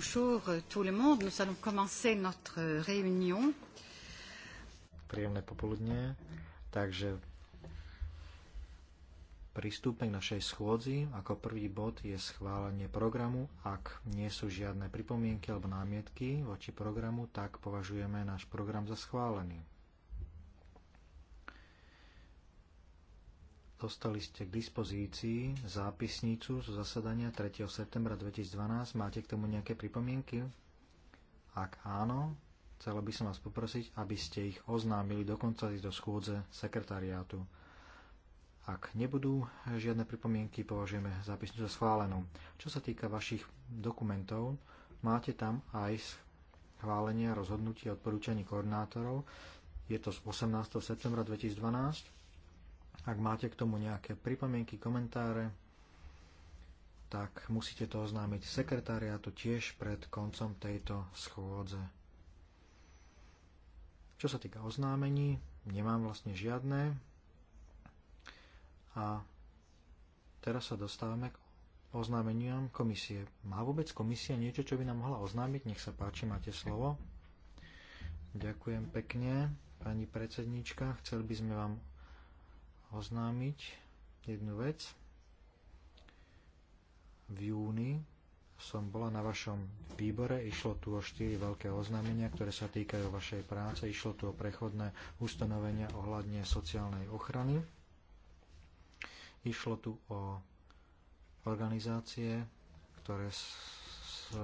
Bonjour euh, tout le monde. Nous allons commencer notre euh, réunion. Príjemné popoludne. Takže pristúpme k našej schôdzi. Ako prvý bod je schválenie programu. Ak nie sú žiadne pripomienky alebo námietky voči programu, tak považujeme náš program za schválený. Dostali ste k dispozícii zápisnicu zo zasadania 3. septembra 2012. Máte k tomu nejaké pripomienky? Ak áno, chcela by som vás poprosiť, aby ste ich oznámili do konca do schôdze sekretariátu. Ak nebudú žiadne pripomienky, považujeme zápisnicu za schválenú. Čo sa týka vašich dokumentov, máte tam aj schválenie a odporúčaní koordinátorov. Je to z 18. septembra 2012 ak máte k tomu nejaké pripomienky, komentáre, tak musíte to oznámiť sekretariátu tiež pred koncom tejto schôdze. Čo sa týka oznámení, nemám vlastne žiadne. A teraz sa dostávame k oznámeniam komisie. Má vôbec komisia niečo, čo by nám mohla oznámiť? Nech sa páči, máte slovo. Ďakujem pekne, pani predsednička. Chcel by sme vám oznámiť jednu vec. V júni som bola na vašom výbore, išlo tu o štyri veľké oznámenia, ktoré sa týkajú vašej práce, išlo tu o prechodné ustanovenia ohľadne sociálnej ochrany, išlo tu o organizácie, ktoré sú,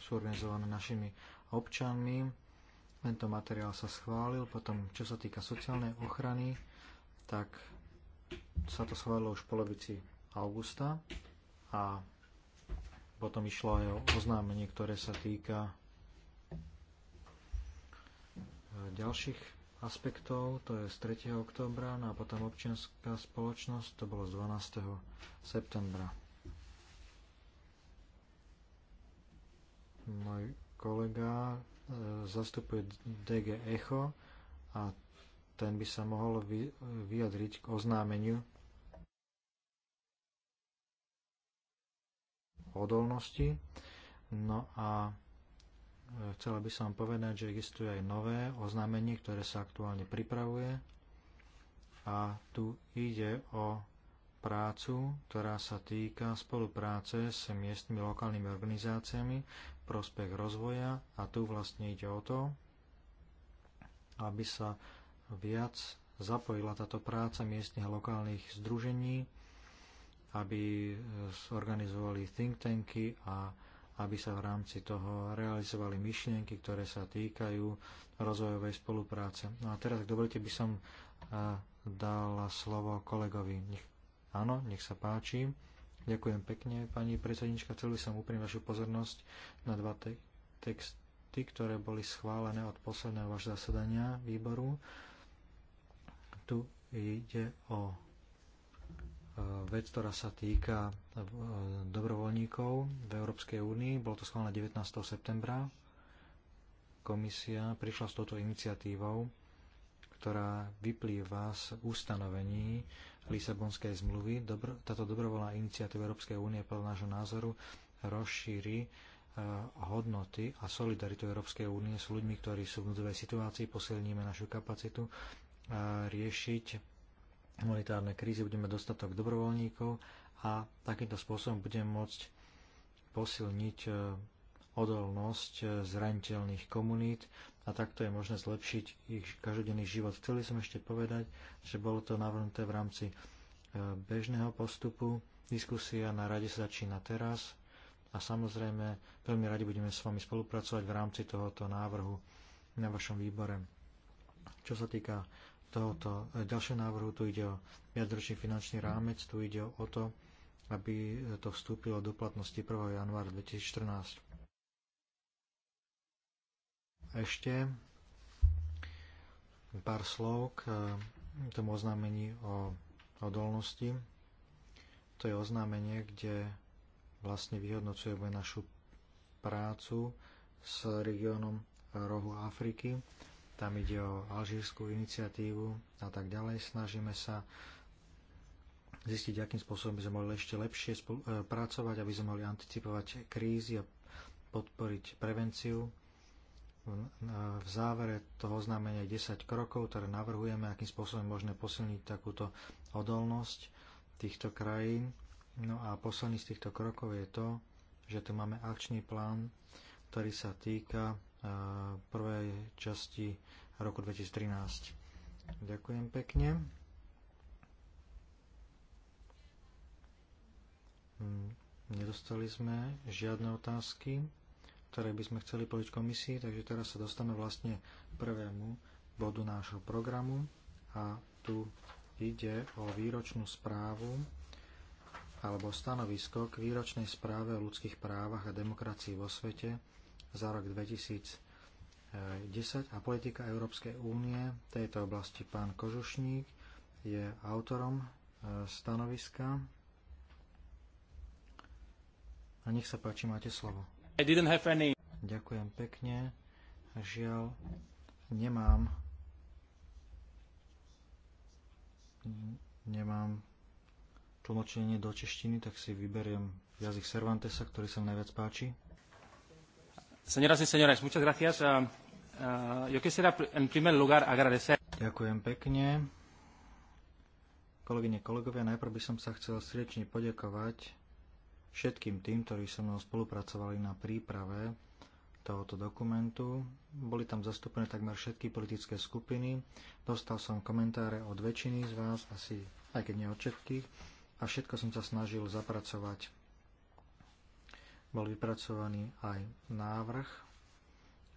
sú organizované našimi občanmi. Tento materiál sa schválil. Potom, čo sa týka sociálnej ochrany, tak sa to schválilo už v polovici augusta a potom išlo aj o oznámenie, ktoré sa týka e, ďalších aspektov, to je z 3. októbra, no a potom občianská spoločnosť, to bolo z 12. septembra. Môj kolega e, zastupuje DG Echo a ten by sa mohol vyjadriť k oznámeniu odolnosti. No a e, chcela by som povedať, že existuje aj nové oznámenie, ktoré sa aktuálne pripravuje. A tu ide o prácu, ktorá sa týka spolupráce s miestnymi lokálnymi organizáciami v prospech rozvoja a tu vlastne ide o to, aby sa viac zapojila táto práca miestnych a lokálnych združení, aby e, zorganizovali think tanky a aby sa v rámci toho realizovali myšlienky, ktoré sa týkajú rozvojovej spolupráce. No a teraz, ak dovolíte, by som e, dal slovo kolegovi. Nech, áno, nech sa páči. Ďakujem pekne, pani predsednička. Chcel by som upriamiť vašu pozornosť na dva te- texty, ktoré boli schválené od posledného vášho zasadania výboru tu ide o e, vec, ktorá sa týka e, dobrovoľníkov v Európskej únii. Bolo to schválené 19. septembra. Komisia prišla s touto iniciatívou, ktorá vyplýva z ustanovení Lisabonskej zmluvy. Dobro, táto dobrovoľná iniciatíva Európskej únie podľa nášho názoru rozšíri e, hodnoty a solidaritu Európskej únie s ľuďmi, ktorí sú v núdzovej situácii, posilníme našu kapacitu riešiť humanitárne krízy, budeme dostatok dobrovoľníkov a takýmto spôsobom budeme môcť posilniť e, odolnosť e, zraniteľných komunít a takto je možné zlepšiť ich každodenný život. Chceli som ešte povedať, že bolo to navrhnuté v rámci e, bežného postupu. Diskusia na rade sa začína teraz a samozrejme veľmi radi budeme s vami spolupracovať v rámci tohoto návrhu na vašom výbore. Čo sa týka tohoto e, ďalšieho návrhu. Tu ide o viacročný finančný rámec, tu ide o to, aby e, to vstúpilo do platnosti 1. január 2014. Ešte pár slov k e, tomu oznámení o odolnosti. To je oznámenie, kde vlastne vyhodnocujeme našu prácu s regiónom rohu Afriky tam ide o alžírskú iniciatívu a tak ďalej. Snažíme sa zistiť, akým spôsobom by sme mohli ešte lepšie e, pracovať, aby sme mohli anticipovať krízy a podporiť prevenciu. V e, závere toho oznámenia 10 krokov, ktoré navrhujeme, akým spôsobom je možné posilniť takúto odolnosť týchto krajín. No a posledný z týchto krokov je to, že tu máme akčný plán, ktorý sa týka prvej časti roku 2013. Ďakujem pekne. Mm, nedostali sme žiadne otázky, ktoré by sme chceli povedať komisii, takže teraz sa dostaneme vlastne k prvému bodu nášho programu a tu ide o výročnú správu alebo stanovisko k výročnej správe o ľudských právach a demokracii vo svete za rok 2010 eh, a politika Európskej únie v tejto oblasti. Pán Kožušník je autorom eh, stanoviska. A nech sa páči, máte slovo. Ďakujem pekne. Žiaľ, nemám nemám tlmočenie do češtiny, tak si vyberiem jazyk Cervantesa, ktorý sa najviac páči. Señoras y señores, muchas gracias. Uh, uh, yo quisiera en primer lugar agradecer... Ďakujem pekne. Kolegyne, kolegovia, najprv by som sa chcel srdečne poďakovať všetkým tým, ktorí so mnou spolupracovali na príprave tohoto dokumentu. Boli tam zastúpené takmer všetky politické skupiny. Dostal som komentáre od väčšiny z vás, asi aj keď nie od všetkých. A všetko som sa snažil zapracovať bol vypracovaný aj návrh.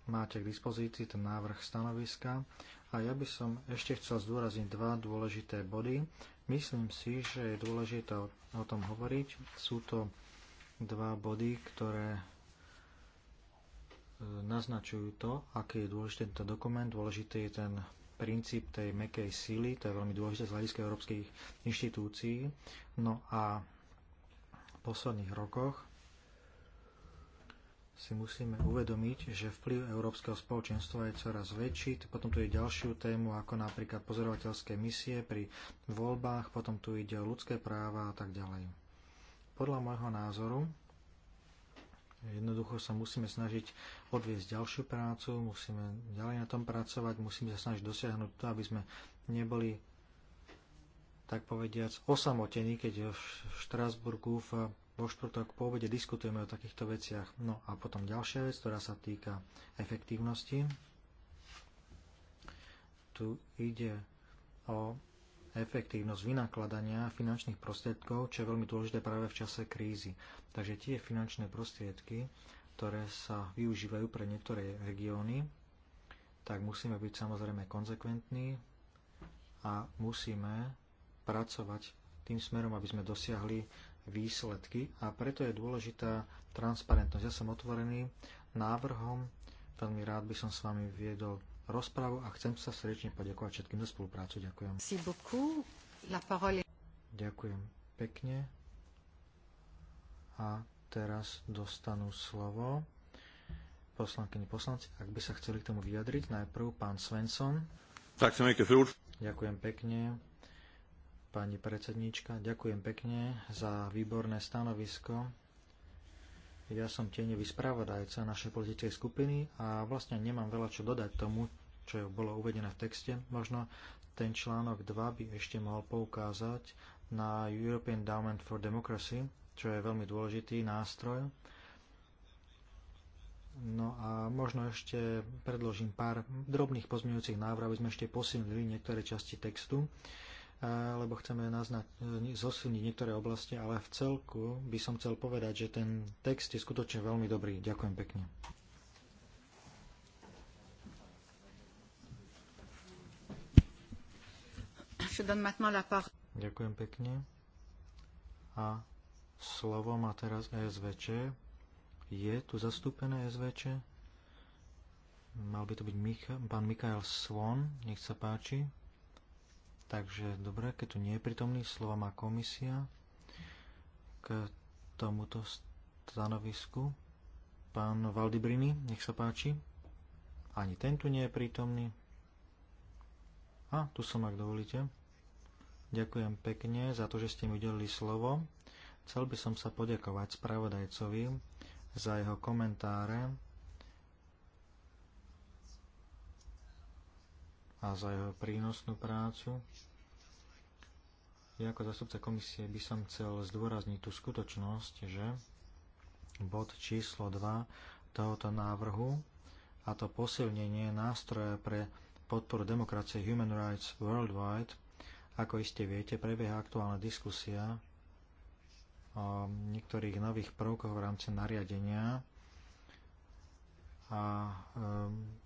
Máte k dispozícii ten návrh stanoviska a ja by som ešte chcel zdôrazniť dva dôležité body. Myslím si, že je dôležité o tom hovoriť. Sú to dva body, ktoré e, naznačujú to, aký je dôležitý tento dokument. Dôležitý je ten princíp tej mekej síly, to je veľmi dôležité z hľadiska európskych inštitúcií. No a v posledných rokoch si musíme uvedomiť, že vplyv Európskeho spoločenstva je coraz väčší. Potom tu je ďalšiu tému, ako napríklad pozorovateľské misie pri voľbách, potom tu ide o ľudské práva a tak ďalej. Podľa môjho názoru Jednoducho sa musíme snažiť odviesť ďalšiu prácu, musíme ďalej na tom pracovať, musíme sa snažiť dosiahnuť to, aby sme neboli tak povediac osamotení, keď v Štrásburgu v vo štvrtok po obede diskutujeme o takýchto veciach. No a potom ďalšia vec, ktorá sa týka efektívnosti. Tu ide o efektívnosť vynakladania finančných prostriedkov, čo je veľmi dôležité práve v čase krízy. Takže tie finančné prostriedky, ktoré sa využívajú pre niektoré regióny, tak musíme byť samozrejme konzekventní a musíme pracovať tým smerom, aby sme dosiahli výsledky a preto je dôležitá transparentnosť. Ja som otvorený návrhom, veľmi rád by som s vami viedol rozprávu a chcem sa srdečne poďakovať všetkým za spoluprácu. Ďakujem. Ďakujem pekne. A teraz dostanú slovo poslankyni poslanci, ak by sa chceli k tomu vyjadriť. Najprv pán Svensson. Tak sa Ďakujem pekne pani predsedníčka. Ďakujem pekne za výborné stanovisko. Ja som tieňový spravodajca našej politickej skupiny a vlastne nemám veľa čo dodať tomu, čo bolo uvedené v texte. Možno ten článok 2 by ešte mohol poukázať na European Endowment for Democracy, čo je veľmi dôležitý nástroj. No a možno ešte predložím pár drobných pozmeňujúcich návrh, aby sme ešte posilnili niektoré časti textu. Uh, lebo chceme naznať e, zosuniť niektoré oblasti, ale v celku by som chcel povedať, že ten text je skutočne veľmi dobrý. Ďakujem pekne. Ďakujem pekne. A slovo má teraz SVČ. Je tu zastúpené SVČ? Mal by to byť Micha- pán Mikael Svon. Nech sa páči. Takže dobre, keď tu nie je pritomný, slova má komisia k tomuto stanovisku. Pán Valdibrini, nech sa páči. Ani ten tu nie je prítomný. A, tu som, ak dovolíte. Ďakujem pekne za to, že ste mi udelili slovo. Chcel by som sa poďakovať spravodajcovi za jeho komentáre a za jeho prínosnú prácu. Ja ako zastupca komisie by som chcel zdôrazniť tú skutočnosť, že bod číslo 2 tohoto návrhu a to posilnenie nástroja pre podporu demokracie Human Rights Worldwide, ako iste viete, prebieha aktuálna diskusia o niektorých nových prvkoch v rámci nariadenia a ehm,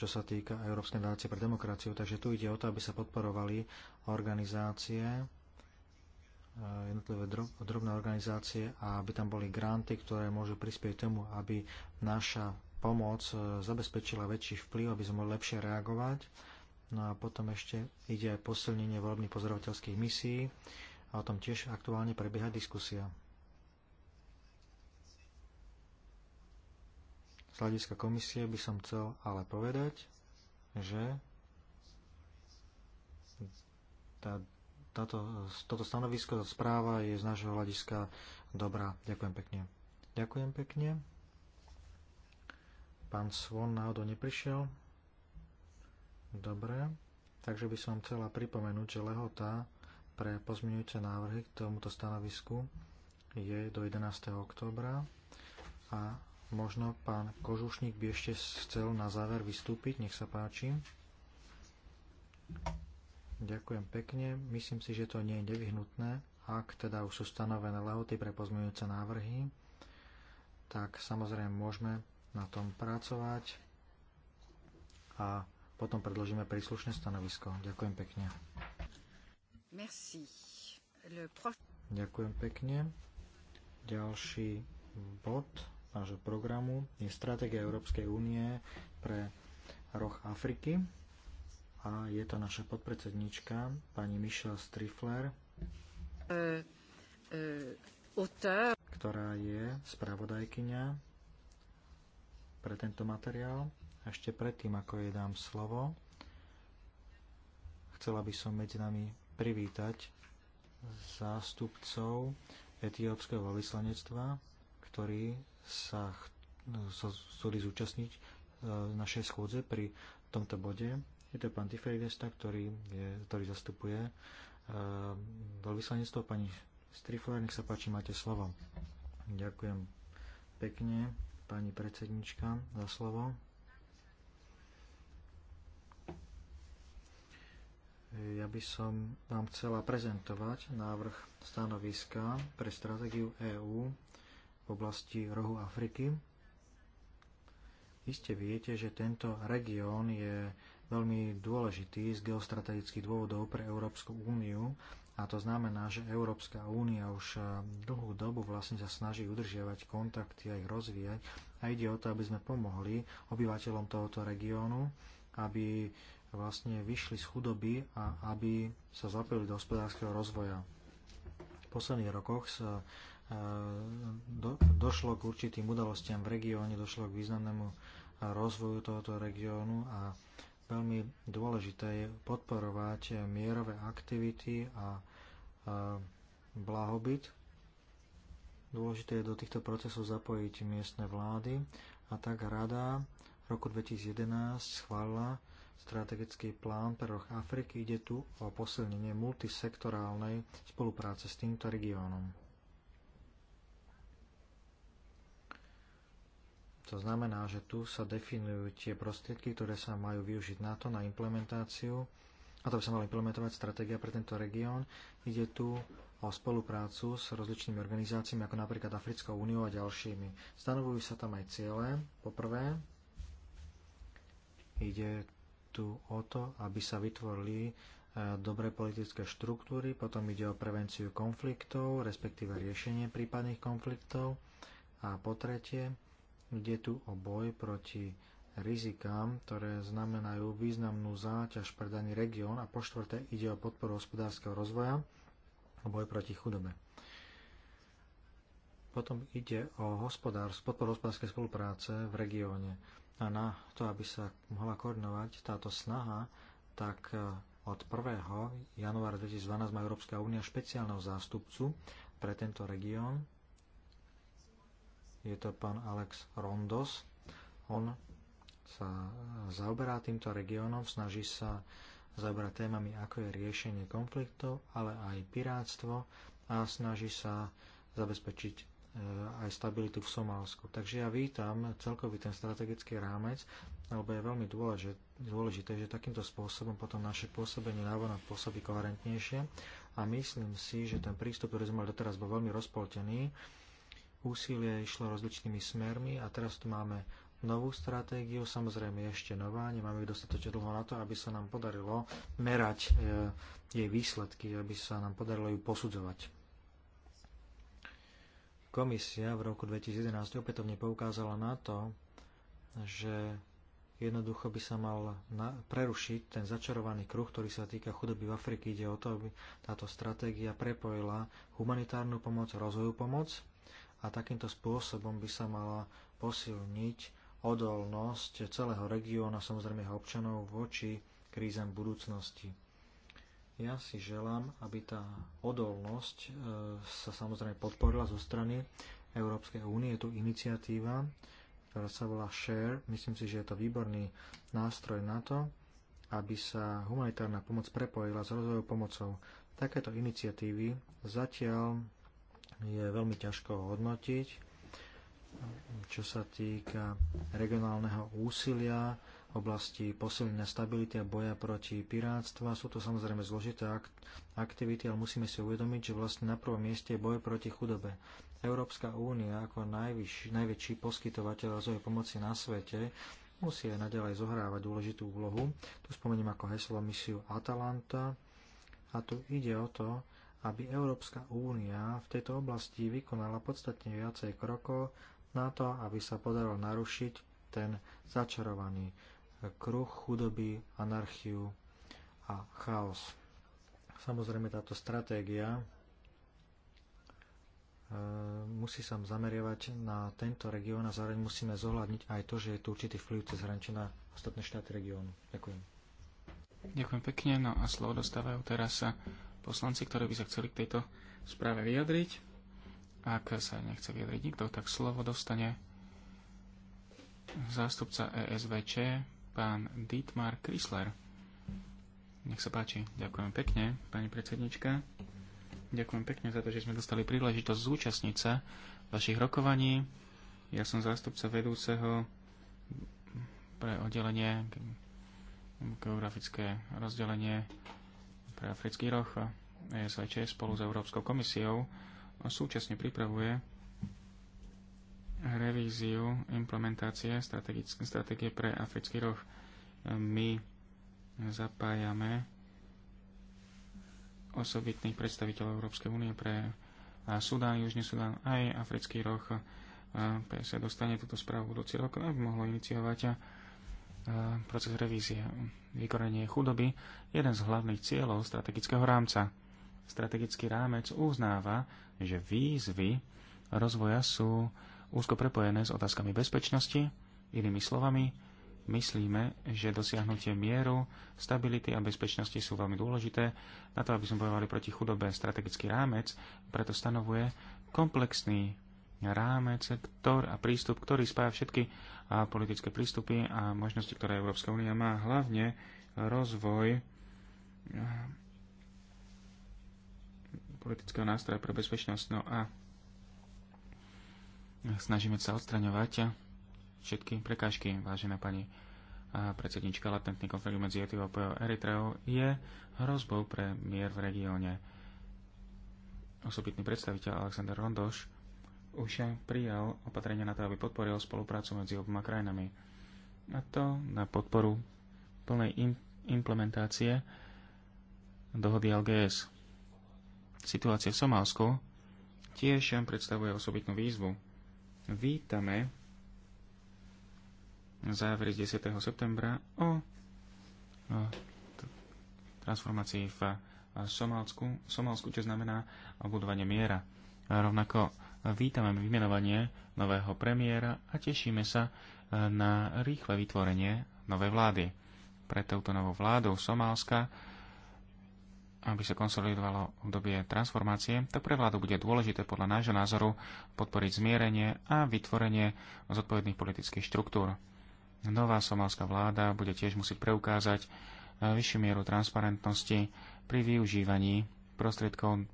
čo sa týka Európskej nadácie pre demokraciu. Takže tu ide o to, aby sa podporovali organizácie, e, jednotlivé drobné organizácie a aby tam boli granty, ktoré môžu prispieť tomu, aby naša pomoc e, zabezpečila väčší vplyv, aby sme mohli lepšie reagovať. No a potom ešte ide aj posilnenie voľbných pozorovateľských misií a o tom tiež aktuálne prebieha diskusia. Z hľadiska komisie by som chcel ale povedať, že tá, táto, toto stanovisko, tá správa je z nášho hľadiska dobrá. Ďakujem pekne. Ďakujem pekne. Pán Svon náhodou neprišiel. Dobre. Takže by som chcela pripomenúť, že lehota pre pozmeňujúce návrhy k tomuto stanovisku je do 11. oktobra a Možno pán Kožušník by ešte chcel na záver vystúpiť, nech sa páči. Ďakujem pekne. Myslím si, že to nie je nevyhnutné, ak teda už sú stanovené lehoty pre pozmeňujúce návrhy, tak samozrejme môžeme na tom pracovať a potom predložíme príslušné stanovisko. Ďakujem pekne. Merci. Le prof... Ďakujem pekne. Ďalší bod nášho programu je stratégia Európskej únie pre roh Afriky a je to naša podpredsednička pani Michelle Strifler, e, e, ktorá je spravodajkyňa pre tento materiál. Ešte predtým, ako jej dám slovo, chcela by som medzi nami privítať zástupcov etiópskeho vyslanectva, ktorí sa, chceli zúčastniť e, našej schôdze pri tomto bode. Je to pán Tiferi Vesta, ktorý, je, ktorý zastupuje e, veľvyslanectvo. Pani Strifler, nech sa páči, máte slovo. Ďakujem pekne, pani predsednička, za slovo. Ja by som vám chcela prezentovať návrh stanoviska pre stratégiu EÚ oblasti rohu Afriky. Iste viete, že tento región je veľmi dôležitý z geostrategických dôvodov pre Európsku úniu a to znamená, že Európska únia už eh, dlhú dobu vlastne sa snaží udržiavať kontakty a ich rozvíjať a ide o to, aby sme pomohli obyvateľom tohoto regiónu, aby vlastne vyšli z chudoby a aby sa zapojili do hospodárskeho rozvoja. V posledných rokoch sa do, došlo k určitým udalostiam v regióne, došlo k významnému rozvoju tohoto regiónu a veľmi dôležité je podporovať mierové aktivity a, a blahobyt. Dôležité je do týchto procesov zapojiť miestne vlády a tak rada v roku 2011 schválila strategický plán pre roh Afriky. Ide tu o posilnenie multisektorálnej spolupráce s týmto regiónom. To znamená, že tu sa definujú tie prostriedky, ktoré sa majú využiť na to, na implementáciu, a to by sa mala implementovať stratégia pre tento región. Ide tu o spoluprácu s rozličnými organizáciami, ako napríklad Africkou úniou a ďalšími. Stanovujú sa tam aj ciele. Poprvé, ide tu o to, aby sa vytvorili e, dobré politické štruktúry, potom ide o prevenciu konfliktov, respektíve riešenie prípadných konfliktov a po tretie, Ide tu o boj proti rizikám, ktoré znamenajú významnú záťaž pre daný región a po štvrté ide o podporu hospodárskeho rozvoja a boj proti chudobe. Potom ide o hospodár, podporu hospodárskej spolupráce v regióne. A na to, aby sa mohla koordinovať táto snaha, tak e, od 1. januára 2012 má Európska únia špeciálneho zástupcu pre tento región, je to pán Alex Rondos. On sa zaoberá týmto regiónom, snaží sa zaoberať témami, ako je riešenie konfliktov, ale aj pirátstvo a snaží sa zabezpečiť e, aj stabilitu v Somálsku. Takže ja vítam celkový ten strategický rámec, lebo je veľmi dôležité, dôležité že takýmto spôsobom potom naše pôsobenie na vonok pôsobí koherentnejšie a myslím si, že ten prístup, ktorý sme mali doteraz, bol veľmi rozpoltený úsilie išlo rozličnými smermi a teraz tu máme novú stratégiu, samozrejme ešte nová, nemáme ju dostatočne dlho na to, aby sa nám podarilo merať e, jej výsledky, aby sa nám podarilo ju posudzovať. Komisia v roku 2011 opätovne poukázala na to, že jednoducho by sa mal na, prerušiť ten začarovaný kruh, ktorý sa týka chudoby v Afriky. Ide o to, aby táto stratégia prepojila humanitárnu pomoc, rozvoju pomoc a takýmto spôsobom by sa mala posilniť odolnosť celého regióna, samozrejme jeho občanov, voči krízam budúcnosti. Ja si želám, aby tá odolnosť e, sa samozrejme podporila zo strany Európskej únie. Je tu iniciatíva, ktorá sa volá SHARE. Myslím si, že je to výborný nástroj na to, aby sa humanitárna pomoc prepojila s rozvojou pomocou. Takéto iniciatívy zatiaľ je veľmi ťažko hodnotiť, čo sa týka regionálneho úsilia v oblasti posilnenia stability a boja proti pirátstva. Sú to samozrejme zložité aktivity, ale musíme si uvedomiť, že vlastne na prvom mieste je boj proti chudobe. Európska únia ako najvyš, najväčší poskytovateľ rozvojovej pomoci na svete musí aj naďalej zohrávať dôležitú úlohu. Tu spomeniem ako heslo misiu Atalanta a tu ide o to, aby Európska únia v tejto oblasti vykonala podstatne viacej krokov na to, aby sa podarilo narušiť ten začarovaný kruh chudoby, anarchiu a chaos. Samozrejme táto stratégia e, musí sa zameriavať na tento región a zároveň musíme zohľadniť aj to, že je tu určitý vplyv cez hranice na ostatné štáty regiónu. Ďakujem. Ďakujem pekne. No a slovo dostávajú teraz poslanci, ktorí by sa chceli k tejto správe vyjadriť. Ak sa nechce vyjadriť nikto, tak slovo dostane zástupca ESVČ, pán Dietmar Chrysler. Nech sa páči. Ďakujem pekne, pani predsednička. Ďakujem pekne za to, že sme dostali príležitosť zúčastniť sa vašich rokovaní. Ja som zástupca vedúceho pre oddelenie geografické rozdelenie pre africký roh. ESVČ spolu s Európskou komisiou súčasne pripravuje revíziu implementácie stratégie pre africký roh. My zapájame osobitných predstaviteľov Európskej únie pre Sudán, Južný Sudán aj africký roh. PS dostane túto správu budúci rok, aby mohlo iniciovať proces revízie. Vykorenie chudoby jeden z hlavných cieľov strategického rámca. Strategický rámec uznáva, že výzvy rozvoja sú úzko prepojené s otázkami bezpečnosti. Inými slovami, myslíme, že dosiahnutie mieru, stability a bezpečnosti sú veľmi dôležité na to, aby sme bojovali proti chudobe. Strategický rámec preto stanovuje komplexný rámec sektor a prístup, ktorý spája všetky politické prístupy a možnosti, ktoré Európska únia má, hlavne rozvoj politického nástroja pre bezpečnosť. No a snažíme sa odstraňovať všetky prekážky, vážená pani predsednička, latentný konflikt medzi Etiópiou a Eritreou je hrozbou pre mier v regióne. Osobitný predstaviteľ Alexander Rondoš už prijal opatrenia na to, aby podporil spoluprácu medzi oboma krajinami. A to na podporu plnej implementácie dohody LGS. Situácia v Somálsku tiež predstavuje osobitnú výzvu. Vítame závery z 10. septembra o transformácii v Somálsku, Somálsku čo znamená budovanie miera. rovnako Vítame vymenovanie nového premiéra a tešíme sa e, na rýchle vytvorenie novej vlády. Pre touto novou vládou Somálska, aby sa konsolidovalo obdobie transformácie, tak pre vládu bude dôležité podľa nášho názoru podporiť zmierenie a vytvorenie zodpovedných politických štruktúr. Nová somálska vláda bude tiež musieť preukázať e, vyššiu mieru transparentnosti pri využívaní prostriedkov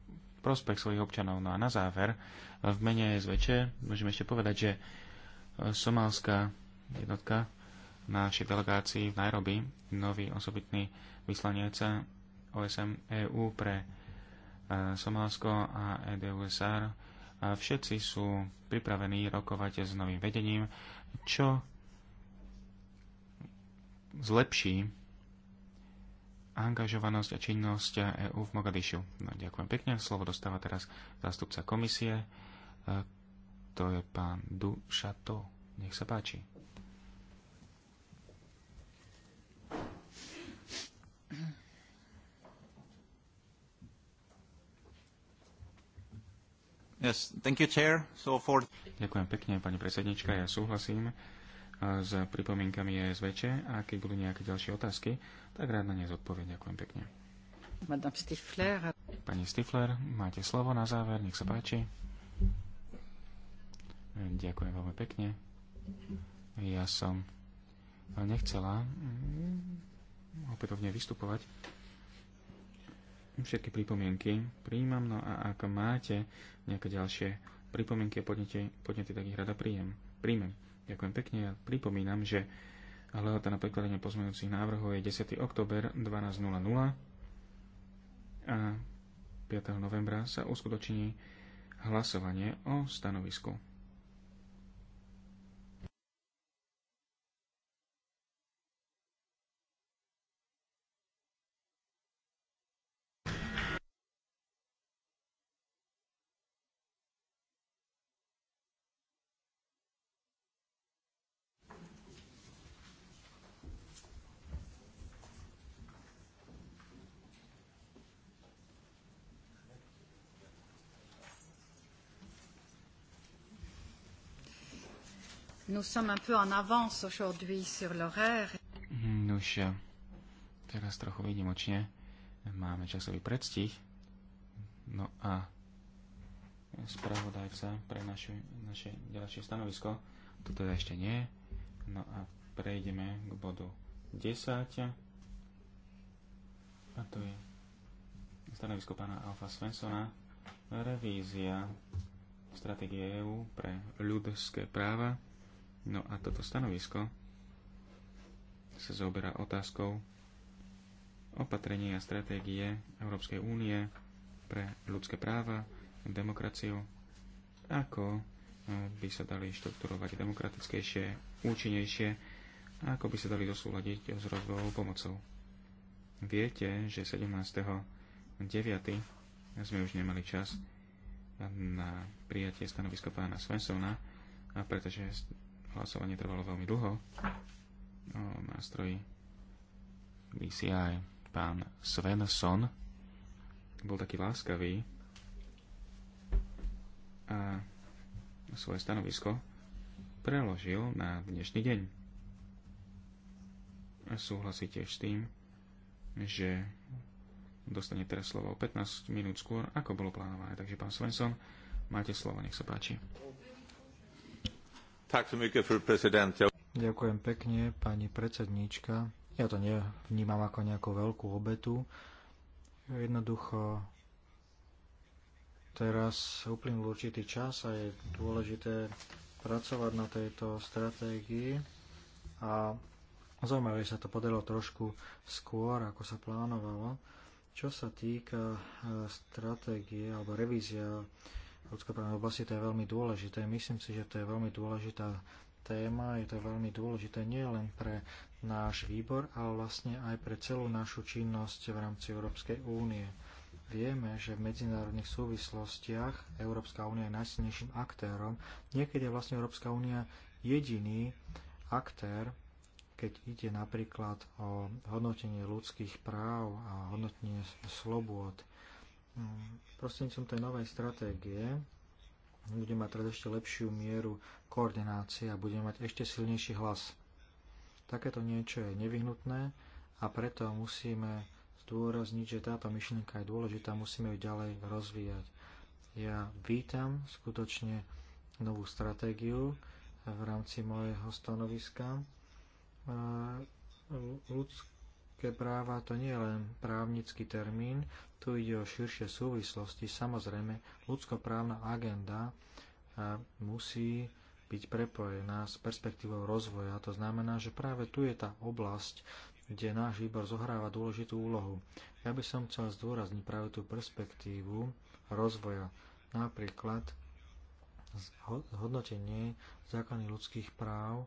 prospech svojich občanov. No a na záver, v mene zväčšie, môžeme ešte povedať, že e, somálska jednotka na našej delegácii v Nairobi, nový osobitný vyslanec OSM EU pre e, Somálsko a EDUSR, a všetci sú pripravení rokovať s novým vedením, čo zlepší angažovanosť a činnosť EÚ v Mogadišu. No, ďakujem pekne. Slovo dostáva teraz zástupca komisie. E, to je pán Dušato. Nech sa páči. Yes, thank you, chair. So for... Ďakujem pekne, pani predsednička. Ja súhlasím s pripomienkami je zväčšie a keď budú nejaké ďalšie otázky, tak rád na ne zodpoviem. Ďakujem pekne. Stifler. Pani Stifler, máte slovo na záver, nech sa páči. Ďakujem veľmi pekne. Ja som nechcela mm, opätovne vystupovať. Všetky pripomienky prijímam, no a ak máte nejaké ďalšie pripomienky a podnety, podnety tak ich rada príjem, príjmem. Ďakujem pekne a ja pripomínam, že lehota na prekladanie pozmeňujúcich návrhov je 10. október 12.00 a 5. novembra sa uskutoční hlasovanie o stanovisku. nous sommes un peu en avance aujourd'hui sur l'horaire. Nuž, mm, teraz trochu výnimočne máme časový predstih. No a spravodajca pre naše, naše ďalšie stanovisko. Toto ešte nie. No a prejdeme k bodu 10. A to je stanovisko pána Alfa Svensona. Revízia stratégie EÚ pre ľudské práva. No a toto stanovisko sa zoberá otázkou opatrenia a stratégie Európskej únie pre ľudské práva, demokraciu, ako eh, by sa dali štruktúrovať demokratickejšie, účinnejšie ako by sa dali zosúľadiť s rozvojovou pomocou. Viete, že 17.9. sme už nemali čas na prijatie stanoviska pána Svensona, a pretože hlasovanie trvalo veľmi dlho o no, nástroji BCI. Pán Svensson bol taký láskavý a svoje stanovisko preložil na dnešný deň. A súhlasí tiež s tým, že dostane teraz slovo 15 minút skôr, ako bolo plánované. Takže pán Svensson, máte slovo, nech sa páči. Ďakujem pekne, pani predsedníčka. Ja to nevnímam ako nejakú veľkú obetu. Jednoducho teraz uplynul určitý čas a je dôležité pracovať na tejto stratégii a zaujímavé, že sa to podarilo trošku skôr, ako sa plánovalo. Čo sa týka e, stratégie alebo revízia ľudskoprávnej oblasti, to je veľmi dôležité. Myslím si, že to je veľmi dôležitá téma, je to veľmi dôležité nie len pre náš výbor, ale vlastne aj pre celú našu činnosť v rámci Európskej únie. Vieme, že v medzinárodných súvislostiach Európska únia je najsilnejším aktérom. Niekedy je vlastne Európska únia jediný aktér, keď ide napríklad o hodnotenie ľudských práv a hodnotenie slobôd prostredníctvom tej novej stratégie bude mať teda ešte lepšiu mieru koordinácie a budeme mať ešte silnejší hlas. Takéto niečo je nevyhnutné a preto musíme zdôrazniť, že táto myšlienka je dôležitá, musíme ju ďalej rozvíjať. Ja vítam skutočne novú stratégiu v rámci mojho stanoviska. Ľudské Autorské práva to nie je len právnický termín, tu ide o širšie súvislosti. Samozrejme, ľudskoprávna agenda e, musí byť prepojená s perspektívou rozvoja. To znamená, že práve tu je tá oblasť, kde náš výbor zohráva dôležitú úlohu. Ja by som chcel zdôrazniť práve tú perspektívu rozvoja. Napríklad hodnotenie základných ľudských práv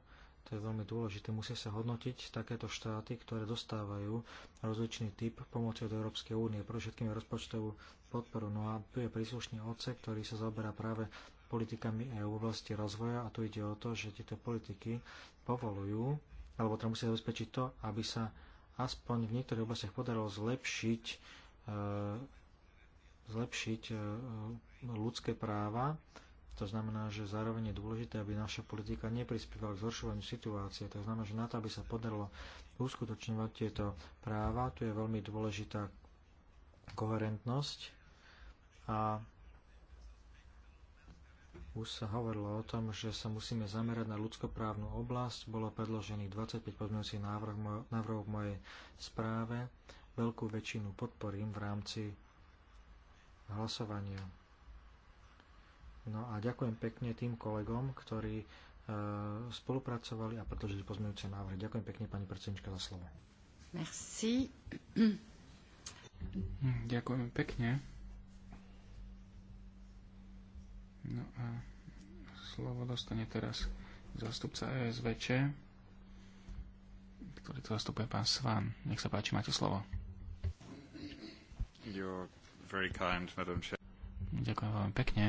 to je veľmi dôležité, musia sa hodnotiť takéto štáty, ktoré dostávajú rozličný typ pomoci od Európskej únie, pre všetkým rozpočtovú podporu. No a tu je príslušný odsek, ktorý sa zaoberá práve politikami EÚ v oblasti rozvoja a tu ide o to, že tieto politiky povolujú, alebo teda musia zabezpečiť to, aby sa aspoň v niektorých oblastiach podarilo zlepšiť, e, zlepšiť e, ľudské práva to znamená, že zároveň je dôležité, aby naša politika neprispievala k zhoršovaniu situácie. To znamená, že na to, aby sa podarilo uskutočňovať tieto práva, tu je veľmi dôležitá koherentnosť a už sa hovorilo o tom, že sa musíme zamerať na ľudskoprávnu oblasť. Bolo predložených 25 pozmeňujúcich návrhov v mojej správe. Veľkú väčšinu podporím v rámci hlasovania. No a ďakujem pekne tým kolegom, ktorí e, spolupracovali a predložili pozmeňujúce návrhy. Ďakujem pekne pani predsednička za slovo. Merci. Ďakujem pekne. No a slovo dostane teraz zastupca ESVČ, ktorý to zastupuje pán Svan. Nech sa páči, máte slovo. Kind, Ďakujem veľmi pekne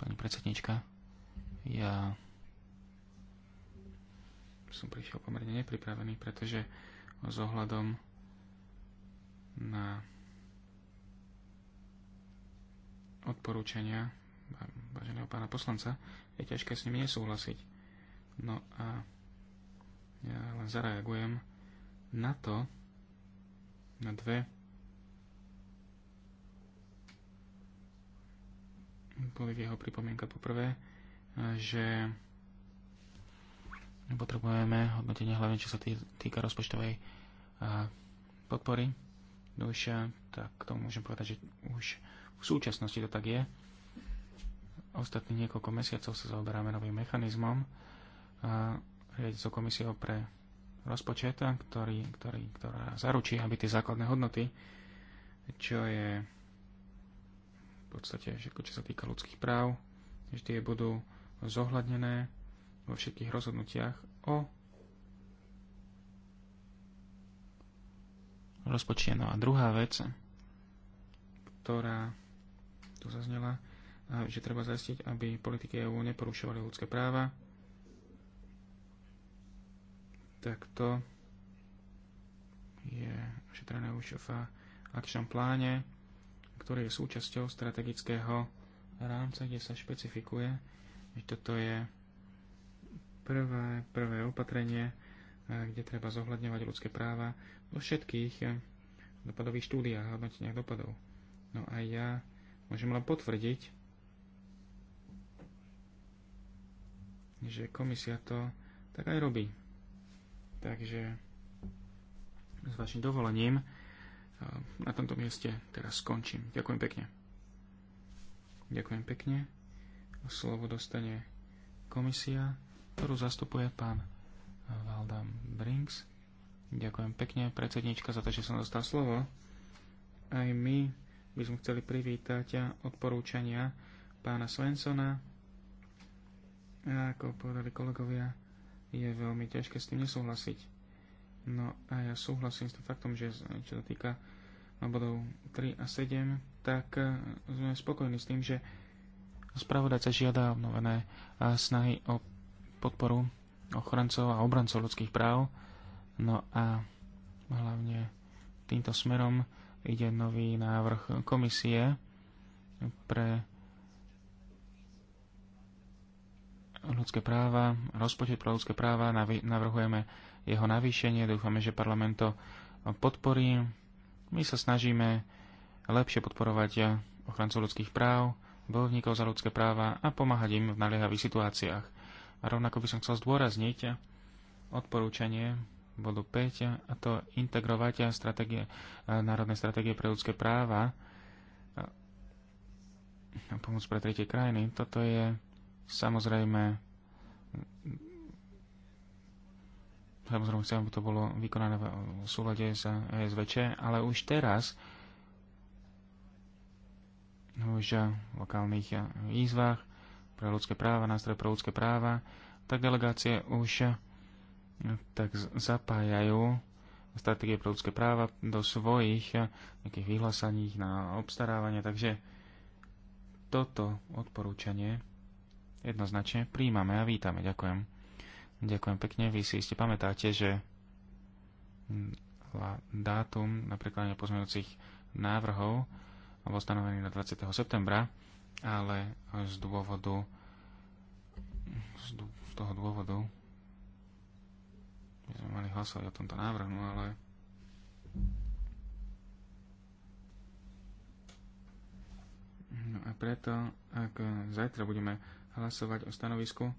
pani predsednička. Ja som prišiel pomerne nepripravený, pretože s ohľadom na odporúčania váženého pána poslanca je ťažké s nimi nesúhlasiť. No a ja len zareagujem na to, na dve boli jeho pripomienka poprvé, e, že potrebujeme hodnotenie hlavne, čo sa týka rozpočtovej e, podpory. Už, tak to môžem povedať, že už v súčasnosti to tak je. Ostatných niekoľko mesiacov sa zaoberáme novým mechanizmom e, riaditeľ komisiou pre rozpočet, ktorý, ktorý, ktorá zaručí, aby tie základné hodnoty, čo je v podstate všetko, čo sa týka ľudských práv, vždy budú zohľadnené vo všetkých rozhodnutiach o rozpočte. No a druhá vec, ktorá tu zaznela, že treba zajistiť, aby politiky EÚ neporušovali ľudské práva, tak to je ošetrené už v akčnom pláne ktorý je súčasťou strategického rámca, kde sa špecifikuje, že toto je prvé, prvé opatrenie, e, kde treba zohľadňovať ľudské práva vo všetkých e, dopadových štúdiách a hodnoteniach dopadov. No a ja môžem len potvrdiť, že komisia to tak aj robí. Takže s vašim dovolením na tomto mieste teraz skončím. Ďakujem pekne. Ďakujem pekne. Slovo dostane komisia, ktorú zastupuje pán Valdam Brinks. Ďakujem pekne, predsednička, za to, že som dostal slovo. Aj my by sme chceli privítať odporúčania pána Svensona. A ako povedali kolegovia, je veľmi ťažké s tým nesúhlasiť No a ja súhlasím s tým faktom, že čo sa týka no, bodov 3 a 7, tak eh, sme spokojní s tým, že spravodajca žiada obnovené eh, snahy o podporu ochrancov a obrancov ľudských práv. No a hlavne týmto smerom ide nový návrh komisie pre ľudské práva, rozpočet pro ľudské práva, navrhujeme jeho navýšenie, dúfame, že parlament to podporí. My sa snažíme lepšie podporovať ochrancov ľudských práv, bojovníkov za ľudské práva a pomáhať im v naliehavých situáciách. A rovnako by som chcel zdôrazniť odporúčanie bodu 5, a to integrovať stratégie, národné stratégie pre ľudské práva a pomoc pre tretie krajiny. Toto je Samozrejme, samozrejme chcem, aby to bolo vykonané v súlade s ESVČ, ale už teraz už v lokálnych výzvach pre ľudské práva, nástroje pre ľudské práva, tak delegácie už tak zapájajú stratégie pre ľudské práva do svojich nejakých vyhlásaní na obstarávanie, takže toto odporúčanie jednoznačne príjmame a vítame. Ďakujem. Ďakujem pekne. Vy si iste pamätáte, že dátum na prekladanie pozmeňujúcich návrhov bol stanovený na 20. septembra, ale z dôvodu z, toho dôvodu my sme mali hlasovať o tomto návrhu, ale No a preto, ak zajtra budeme hlasovať o stanovisku. E,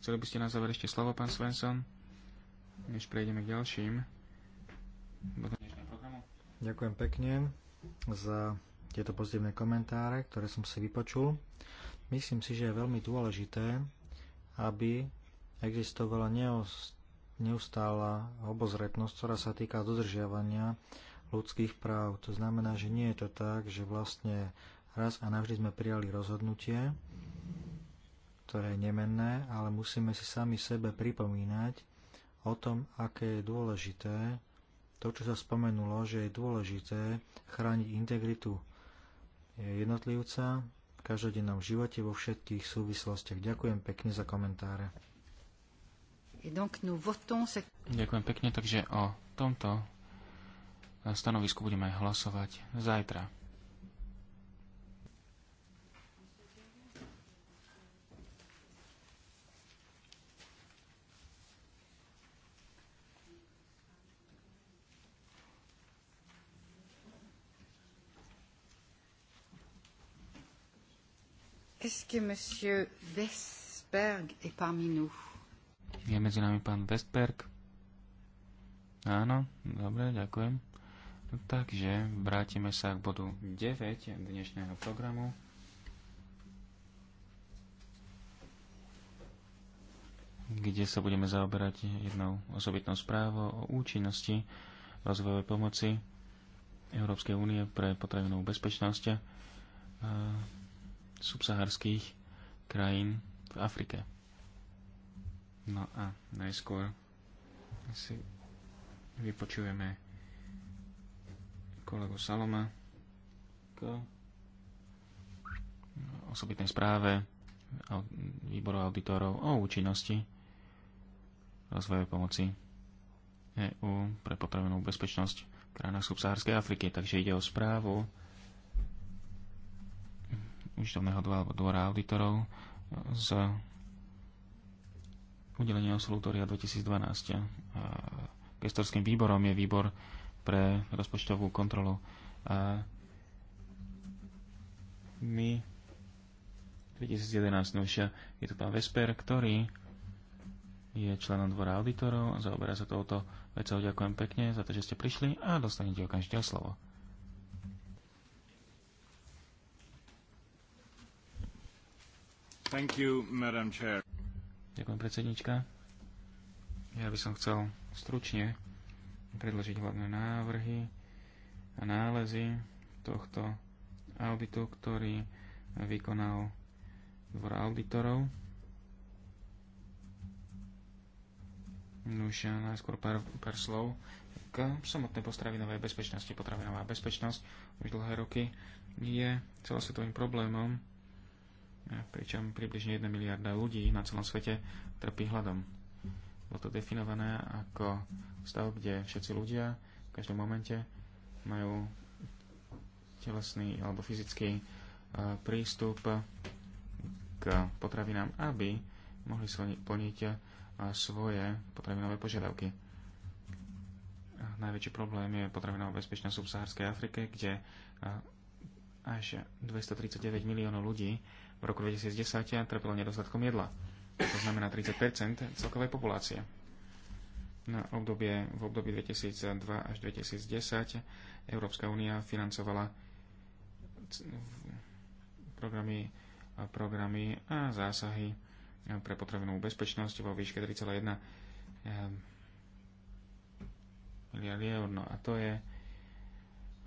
chceli by ste na záver ešte slovo, pán Svensson, než prejdeme k ďalším. Ďakujem pekne za tieto pozitívne komentáre, ktoré som si vypočul. Myslím si, že je veľmi dôležité, aby existovala neustála obozretnosť, ktorá sa týka dodržiavania ľudských práv. To znamená, že nie je to tak, že vlastne raz a navždy sme prijali rozhodnutie ktoré je nemenné, ale musíme si sami sebe pripomínať o tom, aké je dôležité to, čo sa spomenulo, že je dôležité chrániť integritu jednotlivca v každodennom živote vo všetkých súvislostiach. Ďakujem pekne za komentáre. Ďakujem pekne, takže o tomto stanovisku budeme hlasovať zajtra. Est-ce que monsieur est parmi nous? Je medzi nami pán Westberg. Áno, dobre, ďakujem. No takže vrátime sa k bodu 9 dnešného programu. kde sa budeme zaoberať jednou osobitnou správou o účinnosti rozvojovej pomoci Európskej únie pre potravinovú bezpečnosť subsaharských krajín v Afrike. No a najskôr si vypočujeme kolegu Saloma k osobitnej správe výboru auditorov o účinnosti rozvojovej pomoci EÚ pre potravenú bezpečnosť v krajinách subsaharskej Afriky. Takže ide o správu účtovného dvora alebo dvora auditorov z udelenia absolutória 2012. gestorským výborom je výbor pre rozpočtovú kontrolu. A my 2011 no je tu pán Vesper, ktorý je členom dvora auditorov, a zaoberá sa touto vecou. Ďakujem pekne za to, že ste prišli a dostanete okamžite slovo. Ďakujem, predsednička. Ja by som chcel stručne predložiť hlavné návrhy a nálezy tohto auditu, ktorý vykonal dvor auditorov. Už najskôr pár, pár slov k samotnej postravinovej bezpečnosti. Potravinová bezpečnosť už dlhé roky je celosvetovým problémom pričom približne 1 miliarda ľudí na celom svete trpí hladom. Bolo to definované ako stav, kde všetci ľudia v každom momente majú telesný alebo fyzický e, prístup k potravinám, aby mohli plniť e, svoje potravinové požiadavky. Najväčší problém je potravinová bezpečnosť v subsahárskej Afrike, kde e, až 239 miliónov ľudí v roku 2010 trpelo nedostatkom jedla. To znamená 30 celkovej populácie. Na obdobie, v období 2002 až 2010 Európska únia financovala programy, programy a zásahy pre potravinovú bezpečnosť vo výške 3,1 eh, miliardy eur. No a to je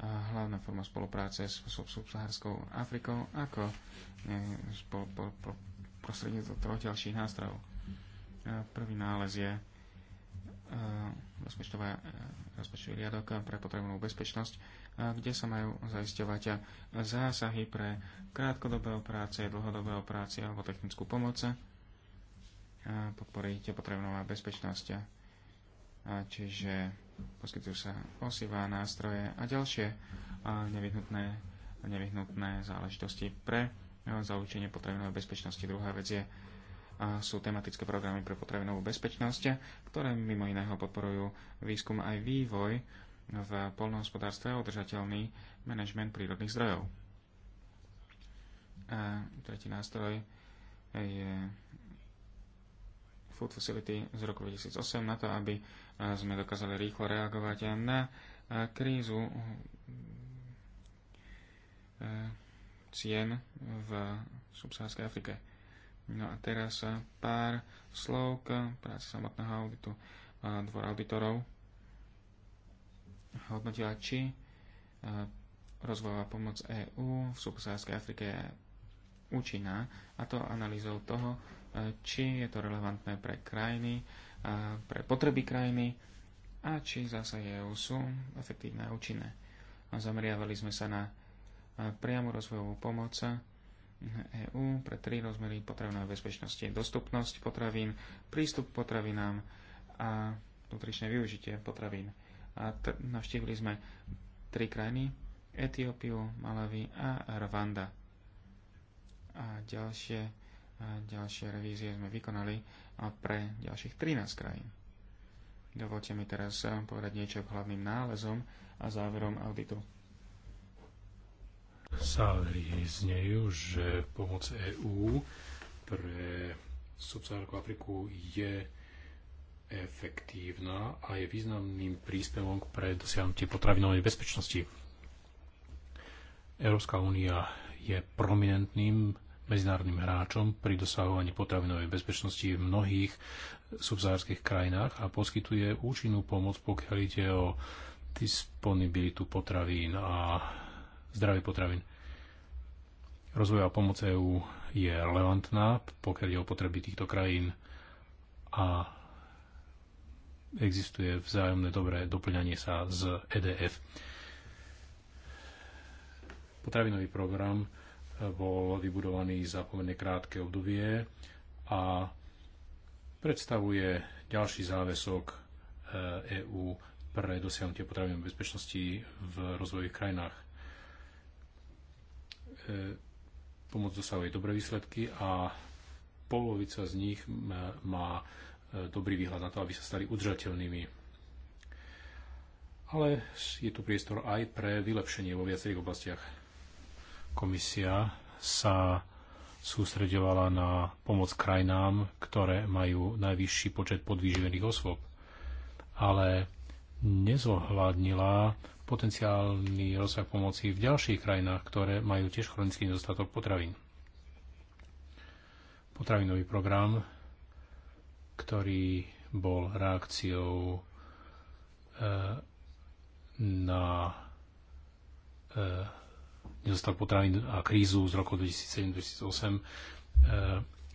hlavná forma spolupráce s subsahárskou Afrikou ako e, spol, po, po, prostredníctvom toho ďalších nástrojov. E, prvý nález je e, rozpočtová, rozpočtový riadok pre potrebnú bezpečnosť, kde sa majú zaisťovať zásahy pre krátkodobé operácie, dlhodobé práce alebo technickú pomoc, podporiť potrebnú bezpečnosť čiže poskytujú sa osivá, nástroje a ďalšie nevyhnutné, nevyhnutné záležitosti pre e, zaučenie potravinovej bezpečnosti. Druhá vec je, sú tematické programy pre potravinovú bezpečnosť, ktoré mimo iného podporujú výskum aj vývoj v polnohospodárstve a udržateľný manažment prírodných zdrojov. A tretí nástroj je Food Facility z roku 2008 na to, aby e, sme dokázali rýchlo reagovať na e, krízu e, cien v subsahárskej Afrike. No a teraz pár slov k práci samotného auditu dvora auditorov. Hodnotila, či rozvojová pomoc EÚ v subsahárskej Afrike je účinná, a to analýzou toho, či je to relevantné pre krajiny, pre potreby krajiny a či zase EU sú efektívne a účinné. Zameriavali sme sa na priamu rozvojovú pomoc EÚ pre tri rozmery potravinovej bezpečnosti. Dostupnosť potravín, prístup k potravinám a nutričné využitie potravín. A t- navštívili sme tri krajiny, Etiópiu, Malavy a Rwanda. A ďalšie ďalšie revízie sme vykonali pre ďalších 13 krajín. Dovolte mi teraz eh, povedať niečo k hlavným nálezom a záverom auditu. Závery znejú, že pomoc EÚ pre subsahárku Afriku je efektívna a je významným príspevom pre dosiahnutie potravinovej bezpečnosti. Európska únia je prominentným medzinárodným hráčom pri dosahovaní potravinovej bezpečnosti v mnohých subzárských krajinách a poskytuje účinnú pomoc, pokiaľ ide o disponibilitu potravín a zdravie potravín. Rozvojová pomoc EÚ je relevantná, pokiaľ ide o potreby týchto krajín a existuje vzájomné dobré doplňanie sa z EDF. Potravinový program bol vybudovaný za pomerne krátke obdobie a predstavuje ďalší záväzok EÚ eh, e pre dosiahnutie potravinovej bezpečnosti v rozvojových krajinách. Eh, pomoc dosahuje dobré výsledky a polovica z nich eh, má dobrý výhľad na to, aby sa stali udržateľnými. Ale je tu priestor aj pre vylepšenie vo viacerých oblastiach Komisia sa sústredovala na pomoc krajinám, ktoré majú najvyšší počet podvýživených osôb, ale nezohľadnila potenciálny rozsah pomoci v ďalších krajinách, ktoré majú tiež chronický nedostatok potravín. Potravinový program, ktorý bol reakciou eh, na eh, nedostal potravín a krízu z roku 2007-2008 e,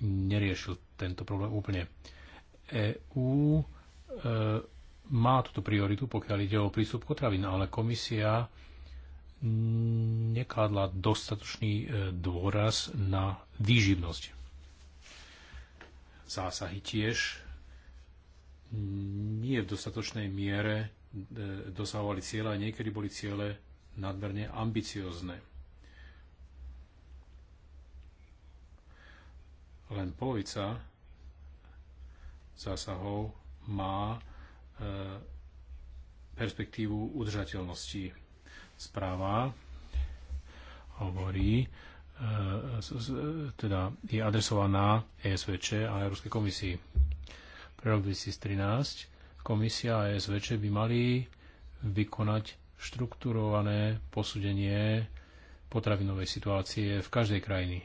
neriešil tento problém úplne. EÚ e, má túto prioritu, pokiaľ ide o prístup potravín, ale komisia nekladla dostatočný e, dôraz na výživnosť. Zásahy tiež nie v dostatočnej miere dosahovali cieľa a niekedy boli ciele nadmerne ambiciozne. len polovica zásahov má e, perspektívu udržateľnosti. Správa hovorí, e, teda je adresovaná ESVČ a Európskej komisii. Pre rok 2013 komisia a ESVČ by mali vykonať štrukturované posúdenie potravinovej situácie v každej krajine.